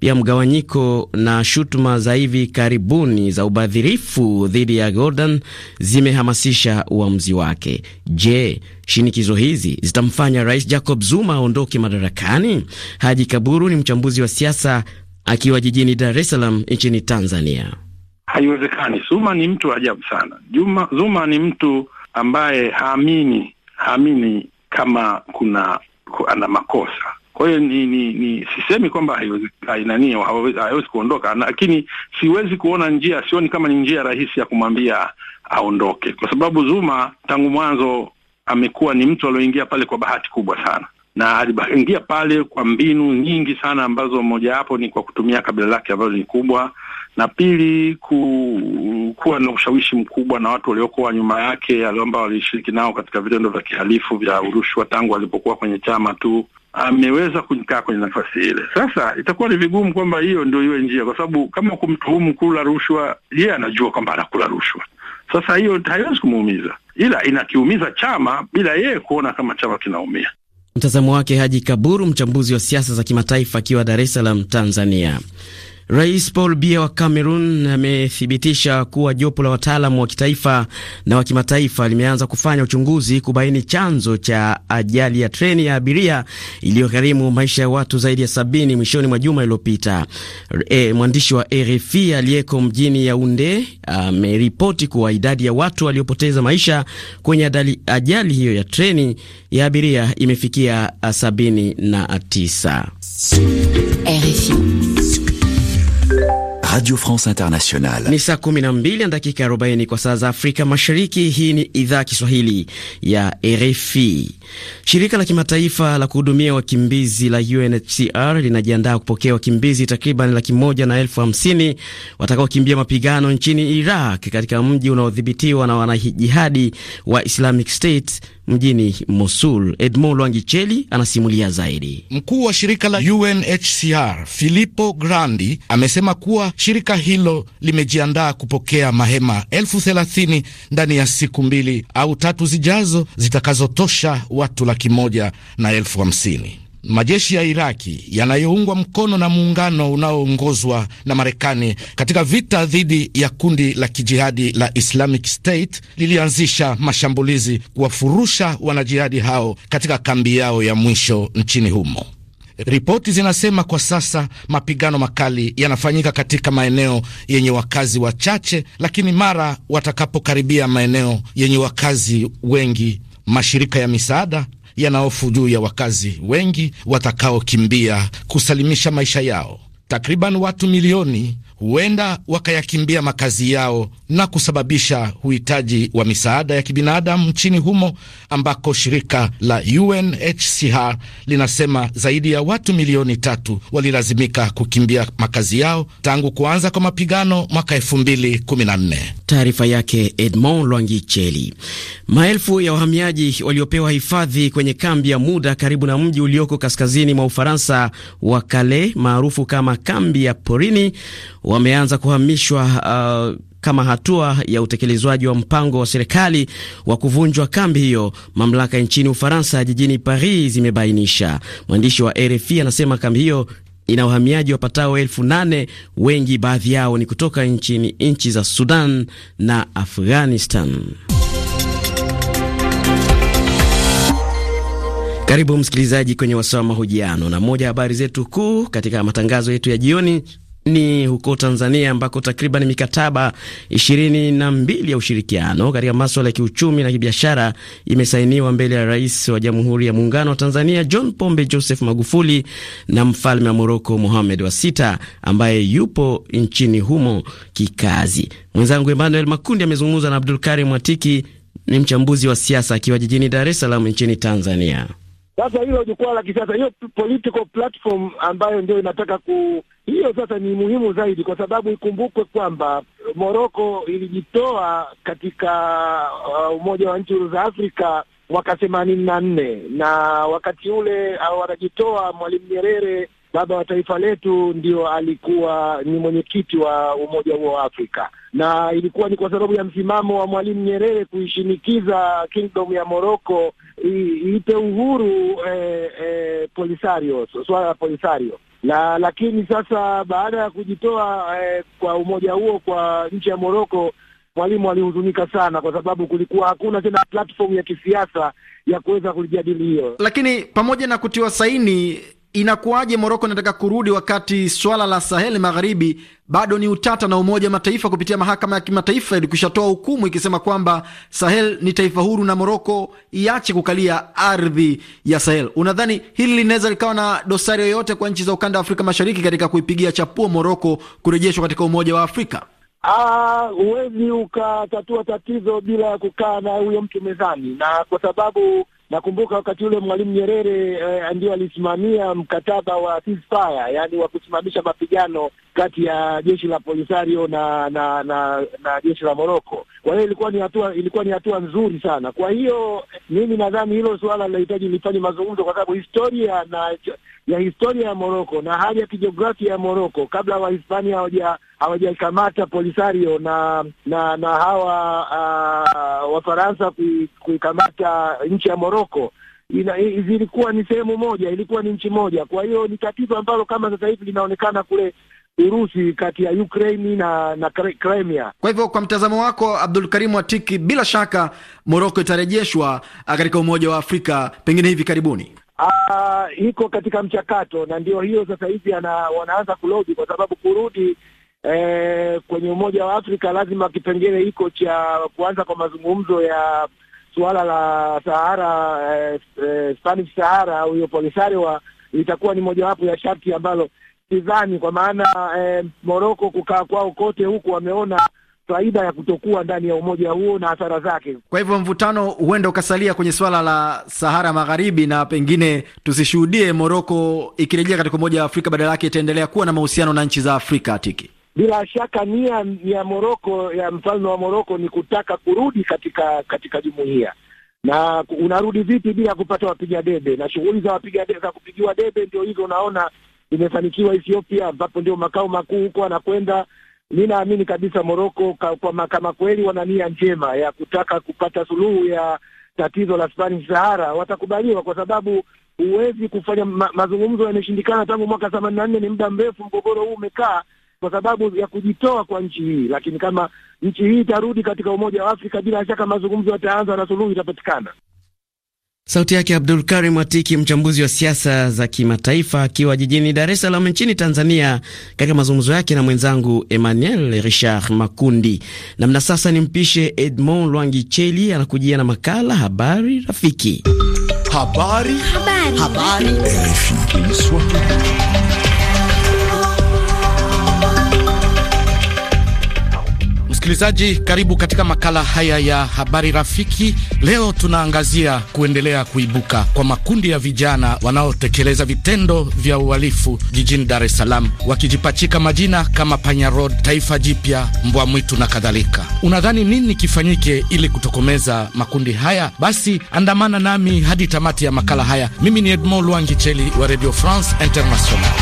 ya mgawanyiko na shutuma za hivi karibuni za ubadhirifu dhidi ya Gordon zimehamasisha uamuzi wake. Je, shinikizo hizi zitamfanya Rais Jacob Zuma aondoke madarakani? Haji Kaburu ni mchambuzi wa siasa akiwa jijini Dar es Salaam nchini Tanzania haiwezekani. Zuma ni mtu ajabu sana. Juma, Zuma ni mtu ambaye haamini haamini kama kuna ana makosa. Kwa hiyo ni, ni, ni sisemi kwamba hainani hawezi kuondoka, lakini siwezi kuona njia, sioni kama ni njia rahisi ya kumwambia aondoke, kwa sababu Zuma tangu mwanzo amekuwa ni mtu alioingia pale kwa bahati kubwa sana na aliingia pale kwa mbinu nyingi sana ambazo mojawapo ni kwa kutumia kabila lake ambalo ni kubwa, na pili ku, kuwa na ushawishi mkubwa na watu waliokuwa nyuma yake aliomba walishiriki nao katika vitendo vya kihalifu vya urushwa tangu alipokuwa kwenye chama tu ameweza kukaa kwenye nafasi ile. Sasa itakuwa ni vigumu kwamba hiyo ndio iwe njia, kwa sababu kama kumtuhumu kula rushwa, yeye anajua kwamba anakula rushwa. Sasa hiyo haiwezi kumuumiza, ila inakiumiza chama bila yeye kuona kama chama kinaumia. Mtazamo wake Haji Kaburu, mchambuzi wa siasa za kimataifa, akiwa Dar es Salaam, Tanzania. Rais Paul Biya wa Cameroon amethibitisha kuwa jopo la wataalamu wa kitaifa na wa kimataifa limeanza kufanya uchunguzi kubaini chanzo cha ajali ya treni ya abiria iliyogharimu maisha ya watu zaidi ya sabini mwishoni mwa juma iliyopita. E, mwandishi wa RFI aliyeko mjini yaunde ameripoti kuwa idadi ya watu waliopoteza maisha kwenye adali, ajali hiyo ya treni ya abiria imefikia sabini na tisa. RFI Radio France Internationale. Ni saa 12 na dakika 40 kwa saa za Afrika Mashariki. Hii ni idhaa Kiswahili ya RFI. Shirika la kimataifa la kuhudumia wakimbizi la UNHCR linajiandaa kupokea wakimbizi takriban laki moja na elfu hamsini watakaokimbia mapigano nchini Iraq katika mji unaodhibitiwa na wanajihadi wa Islamic State mjini Mosul. Edmond Lwangicheli anasimulia zaidi. Mkuu wa shirika la UNHCR Filippo Grandi amesema kuwa shirika hilo limejiandaa kupokea mahema elfu thelathini ndani ya siku mbili au tatu zijazo zitakazotosha watu laki moja na elfu hamsini majeshi ya Iraki yanayoungwa mkono na muungano unaoongozwa na Marekani katika vita dhidi ya kundi la kijihadi la Islamic State lilianzisha mashambulizi kuwafurusha wanajihadi hao katika kambi yao ya mwisho nchini humo. Ripoti zinasema kwa sasa mapigano makali yanafanyika katika maeneo yenye wakazi wachache, lakini mara watakapokaribia maeneo yenye wakazi wengi, mashirika ya misaada yanaofu juu ya wakazi wengi watakaokimbia kusalimisha maisha yao. Takriban watu milioni huenda wakayakimbia makazi yao na kusababisha uhitaji wa misaada ya kibinadamu nchini humo ambako shirika la UNHCR linasema zaidi ya watu milioni tatu walilazimika kukimbia makazi yao tangu kuanza kwa mapigano mwaka 2014. Taarifa yake Edmond Lwangicheli. Maelfu ya wahamiaji waliopewa hifadhi kwenye kambi ya muda karibu na mji ulioko kaskazini mwa Ufaransa wa Calais maarufu kama kambi ya porini wameanza kuhamishwa uh, kama hatua ya utekelezwaji wa mpango wa serikali wa kuvunjwa kambi hiyo, mamlaka nchini Ufaransa jijini Paris zimebainisha. Mwandishi wa RFI anasema kambi hiyo ina wahamiaji wapatao elfu nane, wengi baadhi yao ni kutoka nchini nchi za Sudan na Afghanistan. Karibu msikilizaji kwenye wasaa wa mahojiano, na moja ya habari zetu kuu katika matangazo yetu ya jioni ni huko Tanzania ambako takriban mikataba ishirini na mbili ya ushirikiano katika maswala ya kiuchumi na kibiashara imesainiwa mbele ya Rais wa Jamhuri ya Muungano wa Tanzania John Pombe Joseph Magufuli na mfalme wa Moroko Mohamed wa Sita ambaye yupo nchini humo kikazi. Mwenzangu Emmanuel Makundi amezungumza na Abdul Karim Mwatiki, ni mchambuzi wa siasa akiwa jijini Dar es Salaam nchini Tanzania. Sasa hilo jukwaa la kisiasa, hiyo political platform ambayo ndio inataka ku, hiyo sasa ni muhimu zaidi, kwa sababu ikumbukwe kwamba Moroko ilijitoa katika uh, Umoja wa Nchi za Afrika mwaka themanini na nne na wakati ule au uh, wanajitoa, Mwalimu Nyerere baba wa taifa letu ndio alikuwa ni mwenyekiti wa umoja huo wa Afrika, na ilikuwa ni kwa sababu ya msimamo wa Mwalimu Nyerere kuishinikiza kingdom ya Moroko iipe uhuru eh, eh, Polisario, suala la Polisario na lakini sasa baada ya kujitoa eh, kwa umoja huo kwa nchi ya Moroko, Mwalimu alihuzunika sana, kwa sababu kulikuwa hakuna tena platform ya kisiasa ya kuweza kulijadili hiyo. Lakini pamoja na kutiwa saini Inakuwaje Moroko inataka kurudi wakati swala la Sahel Magharibi bado ni utata, na Umoja wa Mataifa kupitia mahakama ya kimataifa ilikushatoa hukumu ikisema kwamba Sahel ni taifa huru na Moroko iache kukalia ardhi ya Sahel. Unadhani hili linaweza likawa na dosari yoyote kwa nchi za ukanda wa Afrika Mashariki katika kuipigia chapuo Moroko kurejeshwa katika Umoja wa Afrika? Ah, huwezi ukatatua tatizo bila kukaa na huyo mtu mezani, na kwa sababu Nakumbuka wakati ule Mwalimu Nyerere eh, ndio alisimamia mkataba wa ceasefire, yani wa kusimamisha mapigano kati ya jeshi la Polisario na na na, na jeshi la Moroko kwa hiyo ilikuwa ni hatua ilikuwa ni hatua nzuri sana. Kwa hiyo mimi nadhani hilo suala linahitaji nifanye mazungumzo, kwa sababu historia na ya historia ya Moroko na hali ya kijiografia ya Moroko kabla Wahispania hawaja hawajaikamata Polisario na na na hawa uh, Wafaransa kuikamata nchi ya Moroko ina, zilikuwa ni sehemu moja, ilikuwa ni nchi moja. Kwa hiyo ni tatizo ambalo kama sasa hivi linaonekana kule Urusi, kati ya Ukraini na, na Crimea. Kwa hivyo kwa mtazamo wako Abdul karimu Watiki, bila shaka Moroko itarejeshwa ah, katika Umoja wa Afrika pengine hivi karibuni. Ah, iko katika mchakato na ndio hiyo sasa hivi wanaanza kulobi kwa sababu kurudi eh, kwenye Umoja wa Afrika lazima kipengele iko cha kuanza kwa mazungumzo ya suala la Sahara eh, eh, Spanish Sahara au hiyo Polisario itakuwa ni mojawapo ya sharti ambalo sidhani, kwa maana e, eh, Moroko kukaa kwao kote huku wameona faida ya kutokuwa ndani ya umoja huo na hasara zake. Kwa hivyo mvutano huenda ukasalia kwenye swala la Sahara Magharibi, na pengine tusishuhudie Moroko ikirejea katika umoja wa Afrika, badala yake itaendelea kuwa na mahusiano na nchi za Afrika atiki. Bila shaka nia ya Moroko ya mfalme wa Moroko ni kutaka kurudi katika katika jumuiya, na unarudi vipi bila kupata wapiga debe? Na shughuli za wapiga debe, za kupigiwa debe, ndio hizo, unaona imefanikiwa Ethiopia, ambapo ndio makao makuu huko anakwenda. Mi naamini kabisa Moroko kama kwa kweli wana nia njema ya kutaka kupata suluhu ya tatizo la Spanish Sahara watakubaliwa, kwa sababu huwezi kufanya ma, mazungumzo yameshindikana tangu mwaka themanini na nne. Ni muda mrefu mgogoro huu umekaa kwa sababu ya kujitoa kwa nchi hii, lakini kama nchi hii itarudi katika Umoja wa Afrika, bila shaka mazungumzo yataanza na suluhu itapatikana. Sauti yake Abdul Karim Atiki, mchambuzi wa siasa za kimataifa, akiwa jijini Dar es Salaam nchini Tanzania, katika mazungumzo yake na mwenzangu Emmanuel Richard Makundi. Namna sasa ni mpishe Edmond Lwangi Cheli anakujia na makala Habari Rafiki. Habari. Habari. Habari. Habari. Msikilizaji, karibu katika makala haya ya habari rafiki. Leo tunaangazia kuendelea kuibuka kwa makundi ya vijana wanaotekeleza vitendo vya uhalifu jijini Dar es Salaam, wakijipachika majina kama Panya Road, Taifa Jipya, Mbwa Mwitu na kadhalika. Unadhani nini kifanyike ili kutokomeza makundi haya? Basi andamana nami hadi tamati ya makala haya. Mimi ni Edmond Lwangicheli wa Radio France International.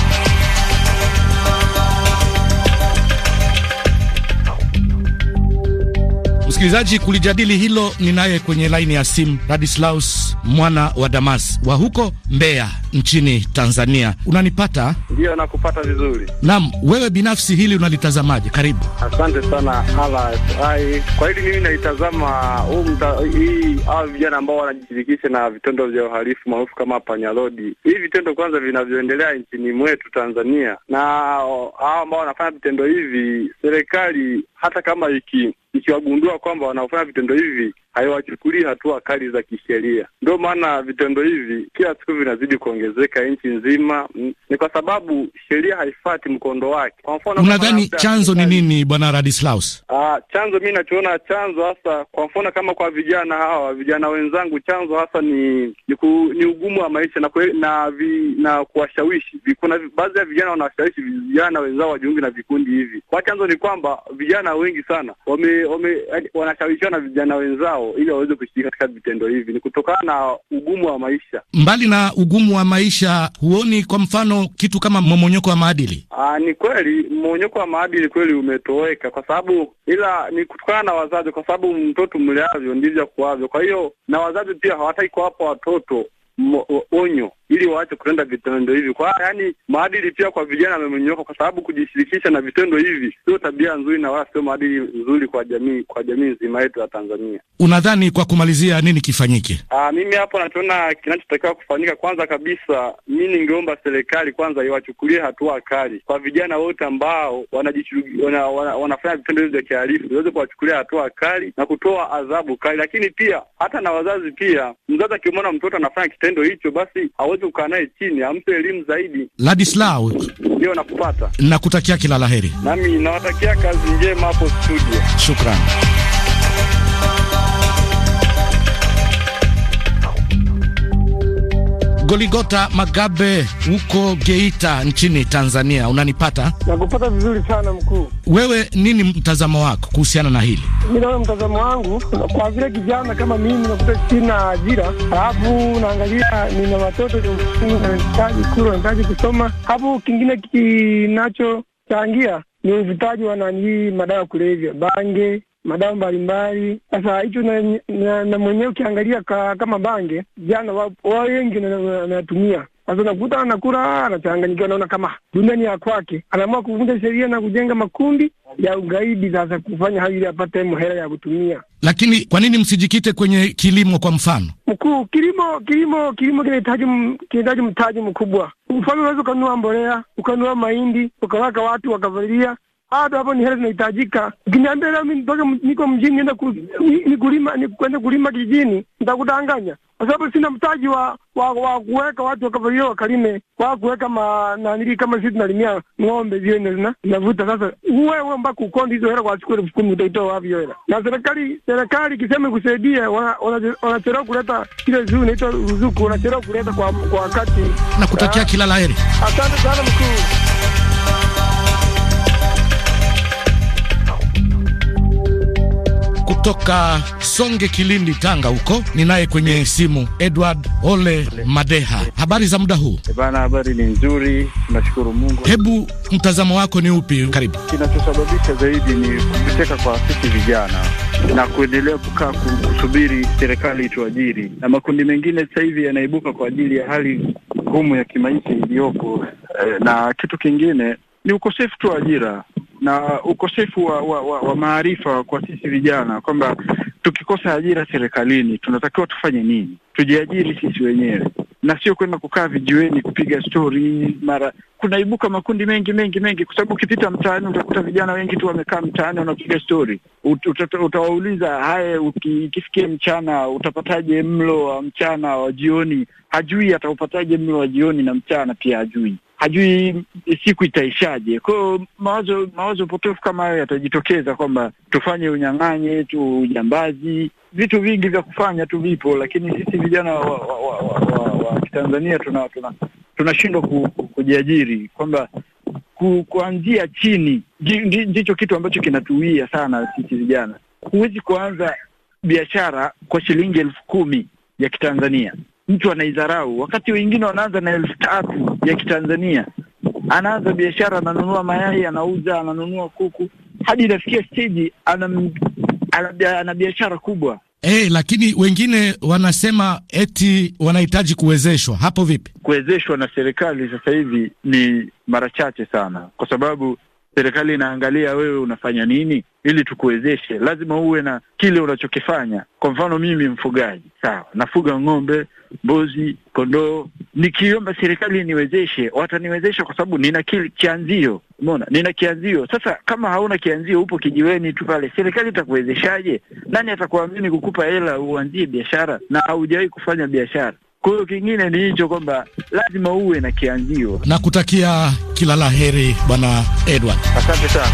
Msikilizaji, kulijadili hilo ninaye kwenye laini ya simu Radislaus mwana wa Damas wa huko Mbeya nchini Tanzania. Unanipata? Ndiyo, nakupata vizuri. Naam, wewe binafsi hili unalitazamaje? Karibu. Asante sana fi. Kwa hili mimi naitazama hii hawa vijana ambao wanajishirikisha na vitendo vya uhalifu maarufu kama panyarodi. Hii vitendo kwanza vinavyoendelea nchini mwetu Tanzania, na hawa ambao wanafanya vitendo hivi, serikali hata kama iki nikiwagundua kwamba wanaofanya vitendo hivi haiwachukulii hatua kali za kisheria. Ndio maana vitendo hivi kila siku vinazidi kuongezeka nchi nzima, ni kwa sababu sheria haifati mkondo wake. Kwa mfano, unadhani chanzo ni nini, Bwana Radislaus? Ah, chanzo mi nachoona chanzo hasa, kwa mfano kama kwa vijana hawa vijana wenzangu, chanzo hasa ni ni, ku, ni ugumu wa maisha na kwe, na, vi, na kuwashawishi. Kuna baadhi ya vijana wanawashawishi vijana wenzao wajiunge na vikundi hivi. Kwa chanzo ni kwamba vijana wengi sana wame, wame wanashawishiwa na vijana wenzao yao ili waweze kushiriki katika vitendo hivi, ni kutokana na ugumu wa maisha. Mbali na ugumu wa maisha, huoni kwa mfano kitu kama mmomonyoko wa maadili? Aa, ni kweli mmomonyoko wa maadili kweli umetoweka, kwa sababu ila ni kutokana na wazazi, kwa sababu mtoto mleavyo ndivyo akuavyo. Kwa hiyo na wazazi pia hawataki kuwapa watoto onyo ili waache kutenda vitendo hivi. Kwa yani maadili pia kwa vijana yamenyooka, kwa sababu kujishirikisha na vitendo hivi sio tabia nzuri na wala sio maadili nzuri kwa jamii, kwa jamii nzima yetu ya Tanzania. Unadhani kwa kumalizia, nini kifanyike? Aa, ah, mimi hapo nachoona kinachotakiwa kufanyika, kwanza kabisa, mi ningeomba serikali kwanza iwachukulie hatua kali kwa vijana wote ambao wana, wana, wanafanya vitendo hivi vya kihalifu, iweze kuwachukulia hatua kali na kutoa adhabu kali, lakini pia hata na wazazi pia, mzazi akimwona mtoto anafanya kitendo hicho, basi hawezi kukaa naye chini, ampe elimu zaidi. Ladislaw, ndio nakupata, nakutakia kila laheri, nami nawatakia kazi njema hapo studio. Shukrani. Goligota Magabe huko Geita nchini Tanzania, unanipata? Nakupata vizuri sana mkuu. Wewe nini mtazamo wako kuhusiana na hili? Mi naona mtazamo wangu kwa vile kijana kama mimi nakuta sina ajira, alafu naangalia nina watoto nahitaji kula, nahitaji kusoma, hapo kingine kinachochangia ni uvutaji wa nani, madawa kulevya, bange madawa mbalimbali. Sasa hicho na, na, na mwenyewe ukiangalia ka, kama bange jana wao wengi wanatumia sasa nakuta anakula anachanganyikiwa, naona kama dunia ni ya kwake, anaamua kuvunja sheria na kujenga makundi ya ugaidi, sasa kufanya hayo ili apate hela ya kutumia. Lakini kwa nini msijikite kwenye kilimo kwa mfano mkuu? Kilimo, kilimo, kilimo kinahitaji kinahitaji mtaji mkubwa. Mfano, unaweza ukanua mbolea, ukanua mahindi, ukawaka watu wakavalia bado hapo ni hela zinahitajika. Ukiniambia leo mi nitoke niko mjini nienda ku, nikulima ni kwenda kulima kijijini, nitakudanganya kwa sababu sina mtaji wa wa, wa kuweka watu wakavyo wakalime wa kuweka ma nanili kama sisi tunalimia ng'ombe hiyo ina inavuta. Sasa wewe mpaka ukondi hizo hela kwa siku elfu kumi utaitoa wapi hiyo hela? Na serikali serikali ikisema ikusaidia, wanachelewa kuleta kile zuu inaitwa ruzuku, wanachelewa kuleta kwa kwa wakati. Nakutakia ah. kila laheri, asante sana mkuu. kutoka Songe, Kilindi, Tanga huko. Ninaye kwenye simu Edward Ole Madeha, habari za muda huu eh, bana? Habari ni nzuri, tunashukuru Mungu. Hebu mtazamo wako ni upi? Karibu. Kinachosababisha zaidi ni kupiteka kwa sisi vijana na kuendelea kukaa kusubiri serikali ituajiri, na makundi mengine sasa hivi yanaibuka kwa ajili ya hali ngumu ya kimaisha iliyoko, eh, na kitu kingine ni ukosefu tu wa ajira na ukosefu wa, wa, wa, wa maarifa kwa sisi vijana kwamba tukikosa ajira serikalini tunatakiwa tufanye nini? Tujiajiri sisi wenyewe na sio kwenda kukaa vijiweni kupiga stori. Mara kunaibuka makundi mengi mengi mengi, kwa sababu ukipita mtaani utakuta vijana wengi tu wamekaa mtaani wanapiga stori. Utawauliza, haya, ikifikia mchana utapataje mlo wa mchana wa jioni? Hajui ataupataje mlo wa jioni na mchana pia hajui hajui siku itaishaje. Kwao mawazo mawazo potofu kama hayo yatajitokeza kwamba tufanye unyang'anyi tu, ujambazi, vitu vingi vya kufanya tu vipo, lakini sisi vijana wa, wa, wa, wa, wa, wa Kitanzania tuna tunashindwa tuna ku, kujiajiri kwamba ku, kuanzia chini ndicho kitu ambacho kinatuwia sana sisi vijana. Huwezi kuanza biashara kwa shilingi elfu kumi ya Kitanzania mtu anaidharau, wakati wengine wanaanza na elfu tatu ya Kitanzania, anaanza biashara, ananunua mayai, anauza, ananunua kuku, hadi inafikia steji ana, biashara kubwa. Hey, eh, lakini wengine wanasema eti wanahitaji kuwezeshwa. Hapo vipi? Kuwezeshwa na serikali sasa hivi ni mara chache sana, kwa sababu serikali inaangalia wewe unafanya nini ili tukuwezeshe. Lazima uwe na kile unachokifanya. Kwa mfano, mimi mfugaji, sawa, nafuga ng'ombe, mbuzi, kondoo. Nikiomba serikali niwezeshe, wataniwezesha kwa sababu nina kianzio. Umeona, nina kianzio. Sasa kama hauna kianzio, upo kijiweni tu pale, serikali itakuwezeshaje? Nani atakuamini kukupa hela uanzie biashara na haujawahi kufanya biashara? Kwa hiyo kingine ni hicho kwamba lazima uwe na kianzio, Nakutakia kila la heri Bwana Edward, asante sana.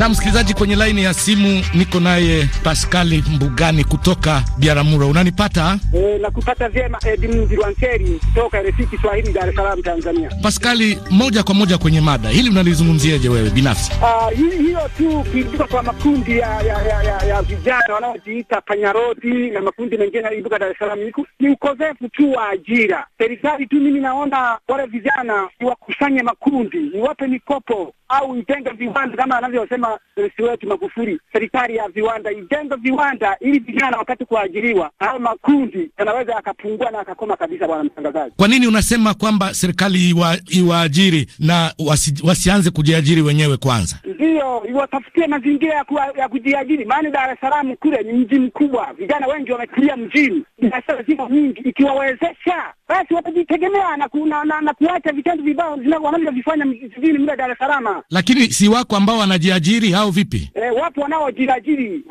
Na msikilizaji, kwenye laini ya simu niko naye Paskali Mbugani kutoka biaramura Unanipata? E, nakupata vyema. Edimziwanseri kutoka RFI Kiswahili, Dar es Salaam, Tanzania. Paskali, moja kwa moja kwenye mada hili, unalizungumziaje wewe binafsi? Uh, hiyo tu kuibuka kwa makundi ya ya, ya, ya, ya vijana wanaojiita panyarodi na makundi mengine yaliibuka Dar es Salaam ni ukosefu tu wa ajira. Serikali tu mimi naona wale vijana iwakusanye makundi, iwape mikopo au itenge viwanda kama anavyosema rais wetu Magufuli, serikali ya viwanda ijenge viwanda ili vijana wakati kuajiriwa haya makundi yanaweza yakapungua na yakakoma kabisa. Bwana mtangazaji, kwa nini unasema kwamba serikali iwa, iwaajiri na wasi, wasianze kujiajiri wenyewe kwanza? Ndiyo, iwatafutie mazingira ya, ya kujiajiri, maana Dar es Salaam kule ni mji mkubwa, vijana wengi wametulia mjini, biashara zimo nyingi, ikiwawezesha basi watajitegemea na, na, na, na kuacha vitendo vibao wanavyovifanya mjini mle Dar es Salaam. Lakini si wako ambao wanajiajiri au vipi? E, wapo wanaojiajiri,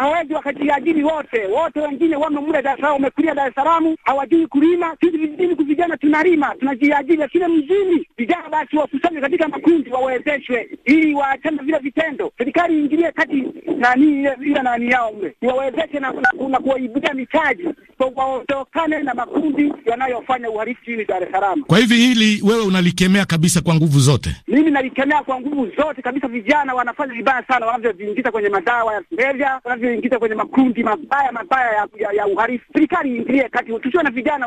hawawezi wakajiajiri wote wote, wengine wamo mle Dar es Salaam, wamekulia Dar es Salaam, hawajui kulima. Sisi vijijini kuvijana tunalima, tunajiajiri, lakini mjini vijana basi wakusanywe katika makundi, wawezeshwe ili waachane vile vitendo. Serikali iingilie kati nani ile nani yao mle, iwawezeshe na kuwaibudia mitaji, waondokane na makundi yanayo wanaofanya uhalifu chini Dar es Salaam. Kwa hivi hili wewe unalikemea kabisa kwa nguvu zote? Mimi nalikemea kwa nguvu zote kabisa. Vijana wanafanya vibaya sana, wanavyojiingiza kwenye madawa ya kulevya, wanavyoingiza kwenye makundi mabaya mabaya ya, ya, ya uhalifu. Serikali iingilie kati, tusiwe na vijana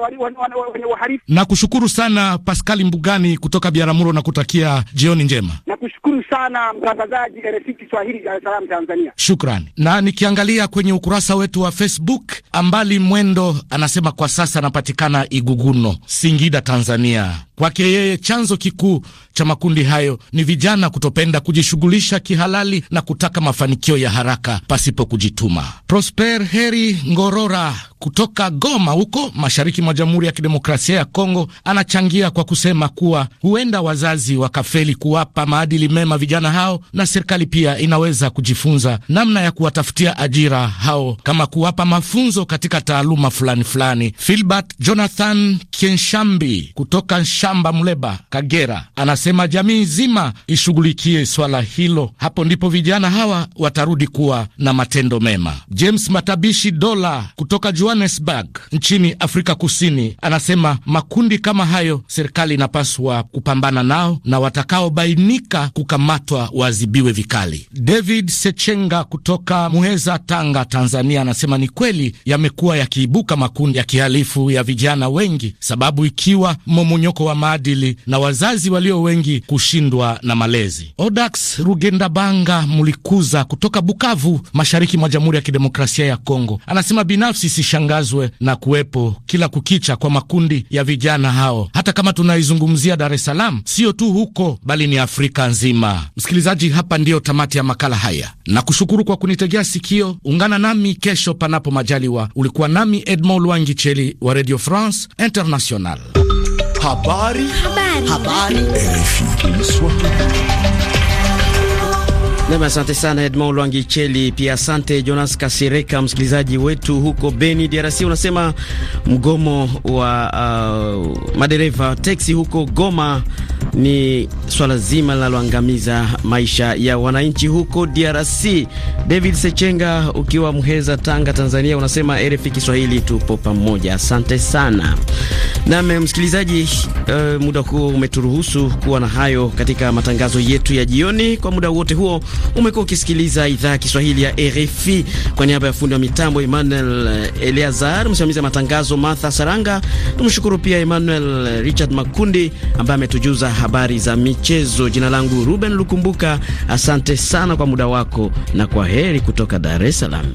wenye uhalifu. Nakushukuru sana Paskali Mbugani kutoka Biaramuro na kutakia jioni njema. Nakushukuru sana mtangazaji RFI Kiswahili, Dar es Salaam, Tanzania. Shukrani. Na nikiangalia kwenye ukurasa wetu wa Facebook, Ambali Mwendo anasema kwa sasa anapatikana Igugu guno Singida, Tanzania. Kwake yeye chanzo kikuu cha makundi hayo ni vijana kutopenda kujishughulisha kihalali na kutaka mafanikio ya haraka pasipo kujituma. Prosper Heri Ngorora kutoka Goma huko mashariki mwa Jamhuri ya Kidemokrasia ya Kongo anachangia kwa kusema kuwa huenda wazazi wakafeli kuwapa maadili mema vijana hao, na serikali pia inaweza kujifunza namna ya kuwatafutia ajira hao kama kuwapa mafunzo katika taaluma fulani fulani. Filbert Jonathan Kenshambi kutoka Shamba Mleba, Kagera, anasema jamii nzima ishughulikie swala hilo. Hapo ndipo vijana hawa watarudi kuwa na matendo mema. James Matabishi Dola kutoka Johannesburg nchini Afrika Kusini anasema makundi kama hayo serikali inapaswa kupambana nao na watakaobainika kukamatwa waadhibiwe vikali. David Sechenga kutoka Muheza, Tanga, Tanzania anasema ni kweli yamekuwa yakiibuka makundi ya kihalifu ya vijana wengi, sababu ikiwa momonyoko wa maadili na wazazi walio wengi kushindwa na malezi. Odax Rugendabanga Mulikuza kutoka Bukavu, mashariki mwa Jamhuri ya Kidemokrasia ya Kongo, anasema binafsi sishangazwe na kuwepo kila kukicha kwa makundi ya vijana hao, hata kama tunaizungumzia Dar es Salaam, sio tu huko, bali ni Afrika nzima. Msikilizaji, hapa ndiyo tamati ya makala haya na kushukuru kwa kunitegea sikio. Ungana nami kesho, panapo majaliwa. Ulikuwa nami Edmond lwangicheli wa Radio France International. Habari. Habari. Habari. Nam, asante sana Edmond cheli pia asante Jonas Kasireka, msikilizaji wetu huko Beni, DRC. Unasema mgomo wa uh, madereva teksi huko Goma ni swala zima linaloangamiza maisha ya wananchi huko DRC. David Sechenga, ukiwa Mheza, Tanga, Tanzania, unasema RFI Kiswahili tupo pamoja. Asante sana. Nam msikilizaji, uh, muda huo umeturuhusu kuwa na hayo katika matangazo yetu ya jioni. Kwa muda wote huo umekuwa ukisikiliza idhaa ya Kiswahili ya RFI. Kwa niaba ya fundi wa mitambo Emmanuel eh, Eleazar, msimamizi wa matangazo Martha Saranga, tumshukuru pia Emmanuel eh, Richard Makundi ambaye ametujuza habari za michezo. Jina langu Ruben Lukumbuka, asante sana kwa muda wako na kwa heri kutoka Dar es Salaam.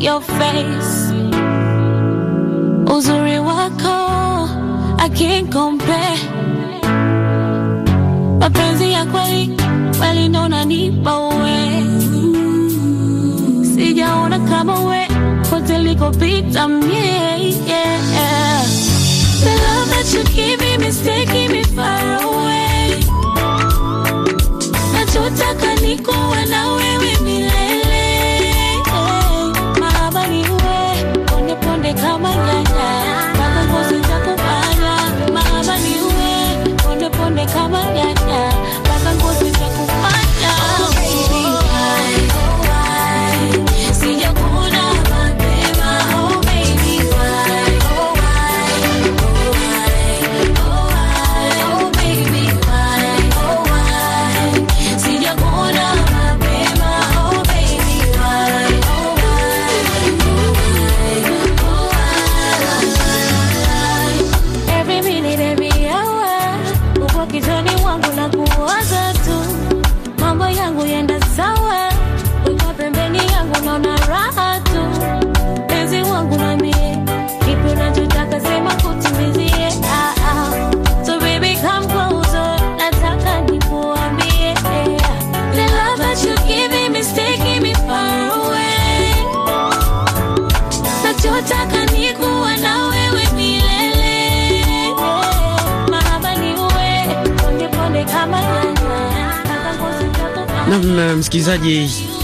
Your face I can't compare. Mapenzi ya kweli kweli ndo nanipa uwe, sijaona kama we kote likopita mie The love that you give me is taking me far away. Nachotaka nikuwe nawe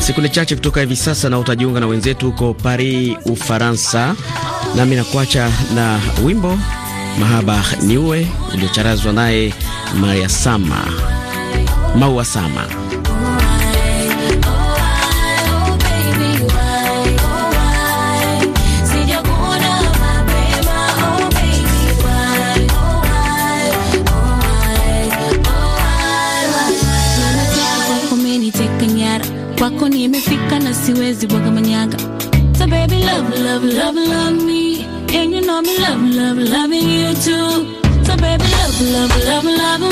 Sekunde chache kutoka hivi sasa, na utajiunga na wenzetu huko Paris, Ufaransa, nami nakuacha na wimbo mahaba niue uliocharazwa naye Maria Sama Maua Sama. love, love.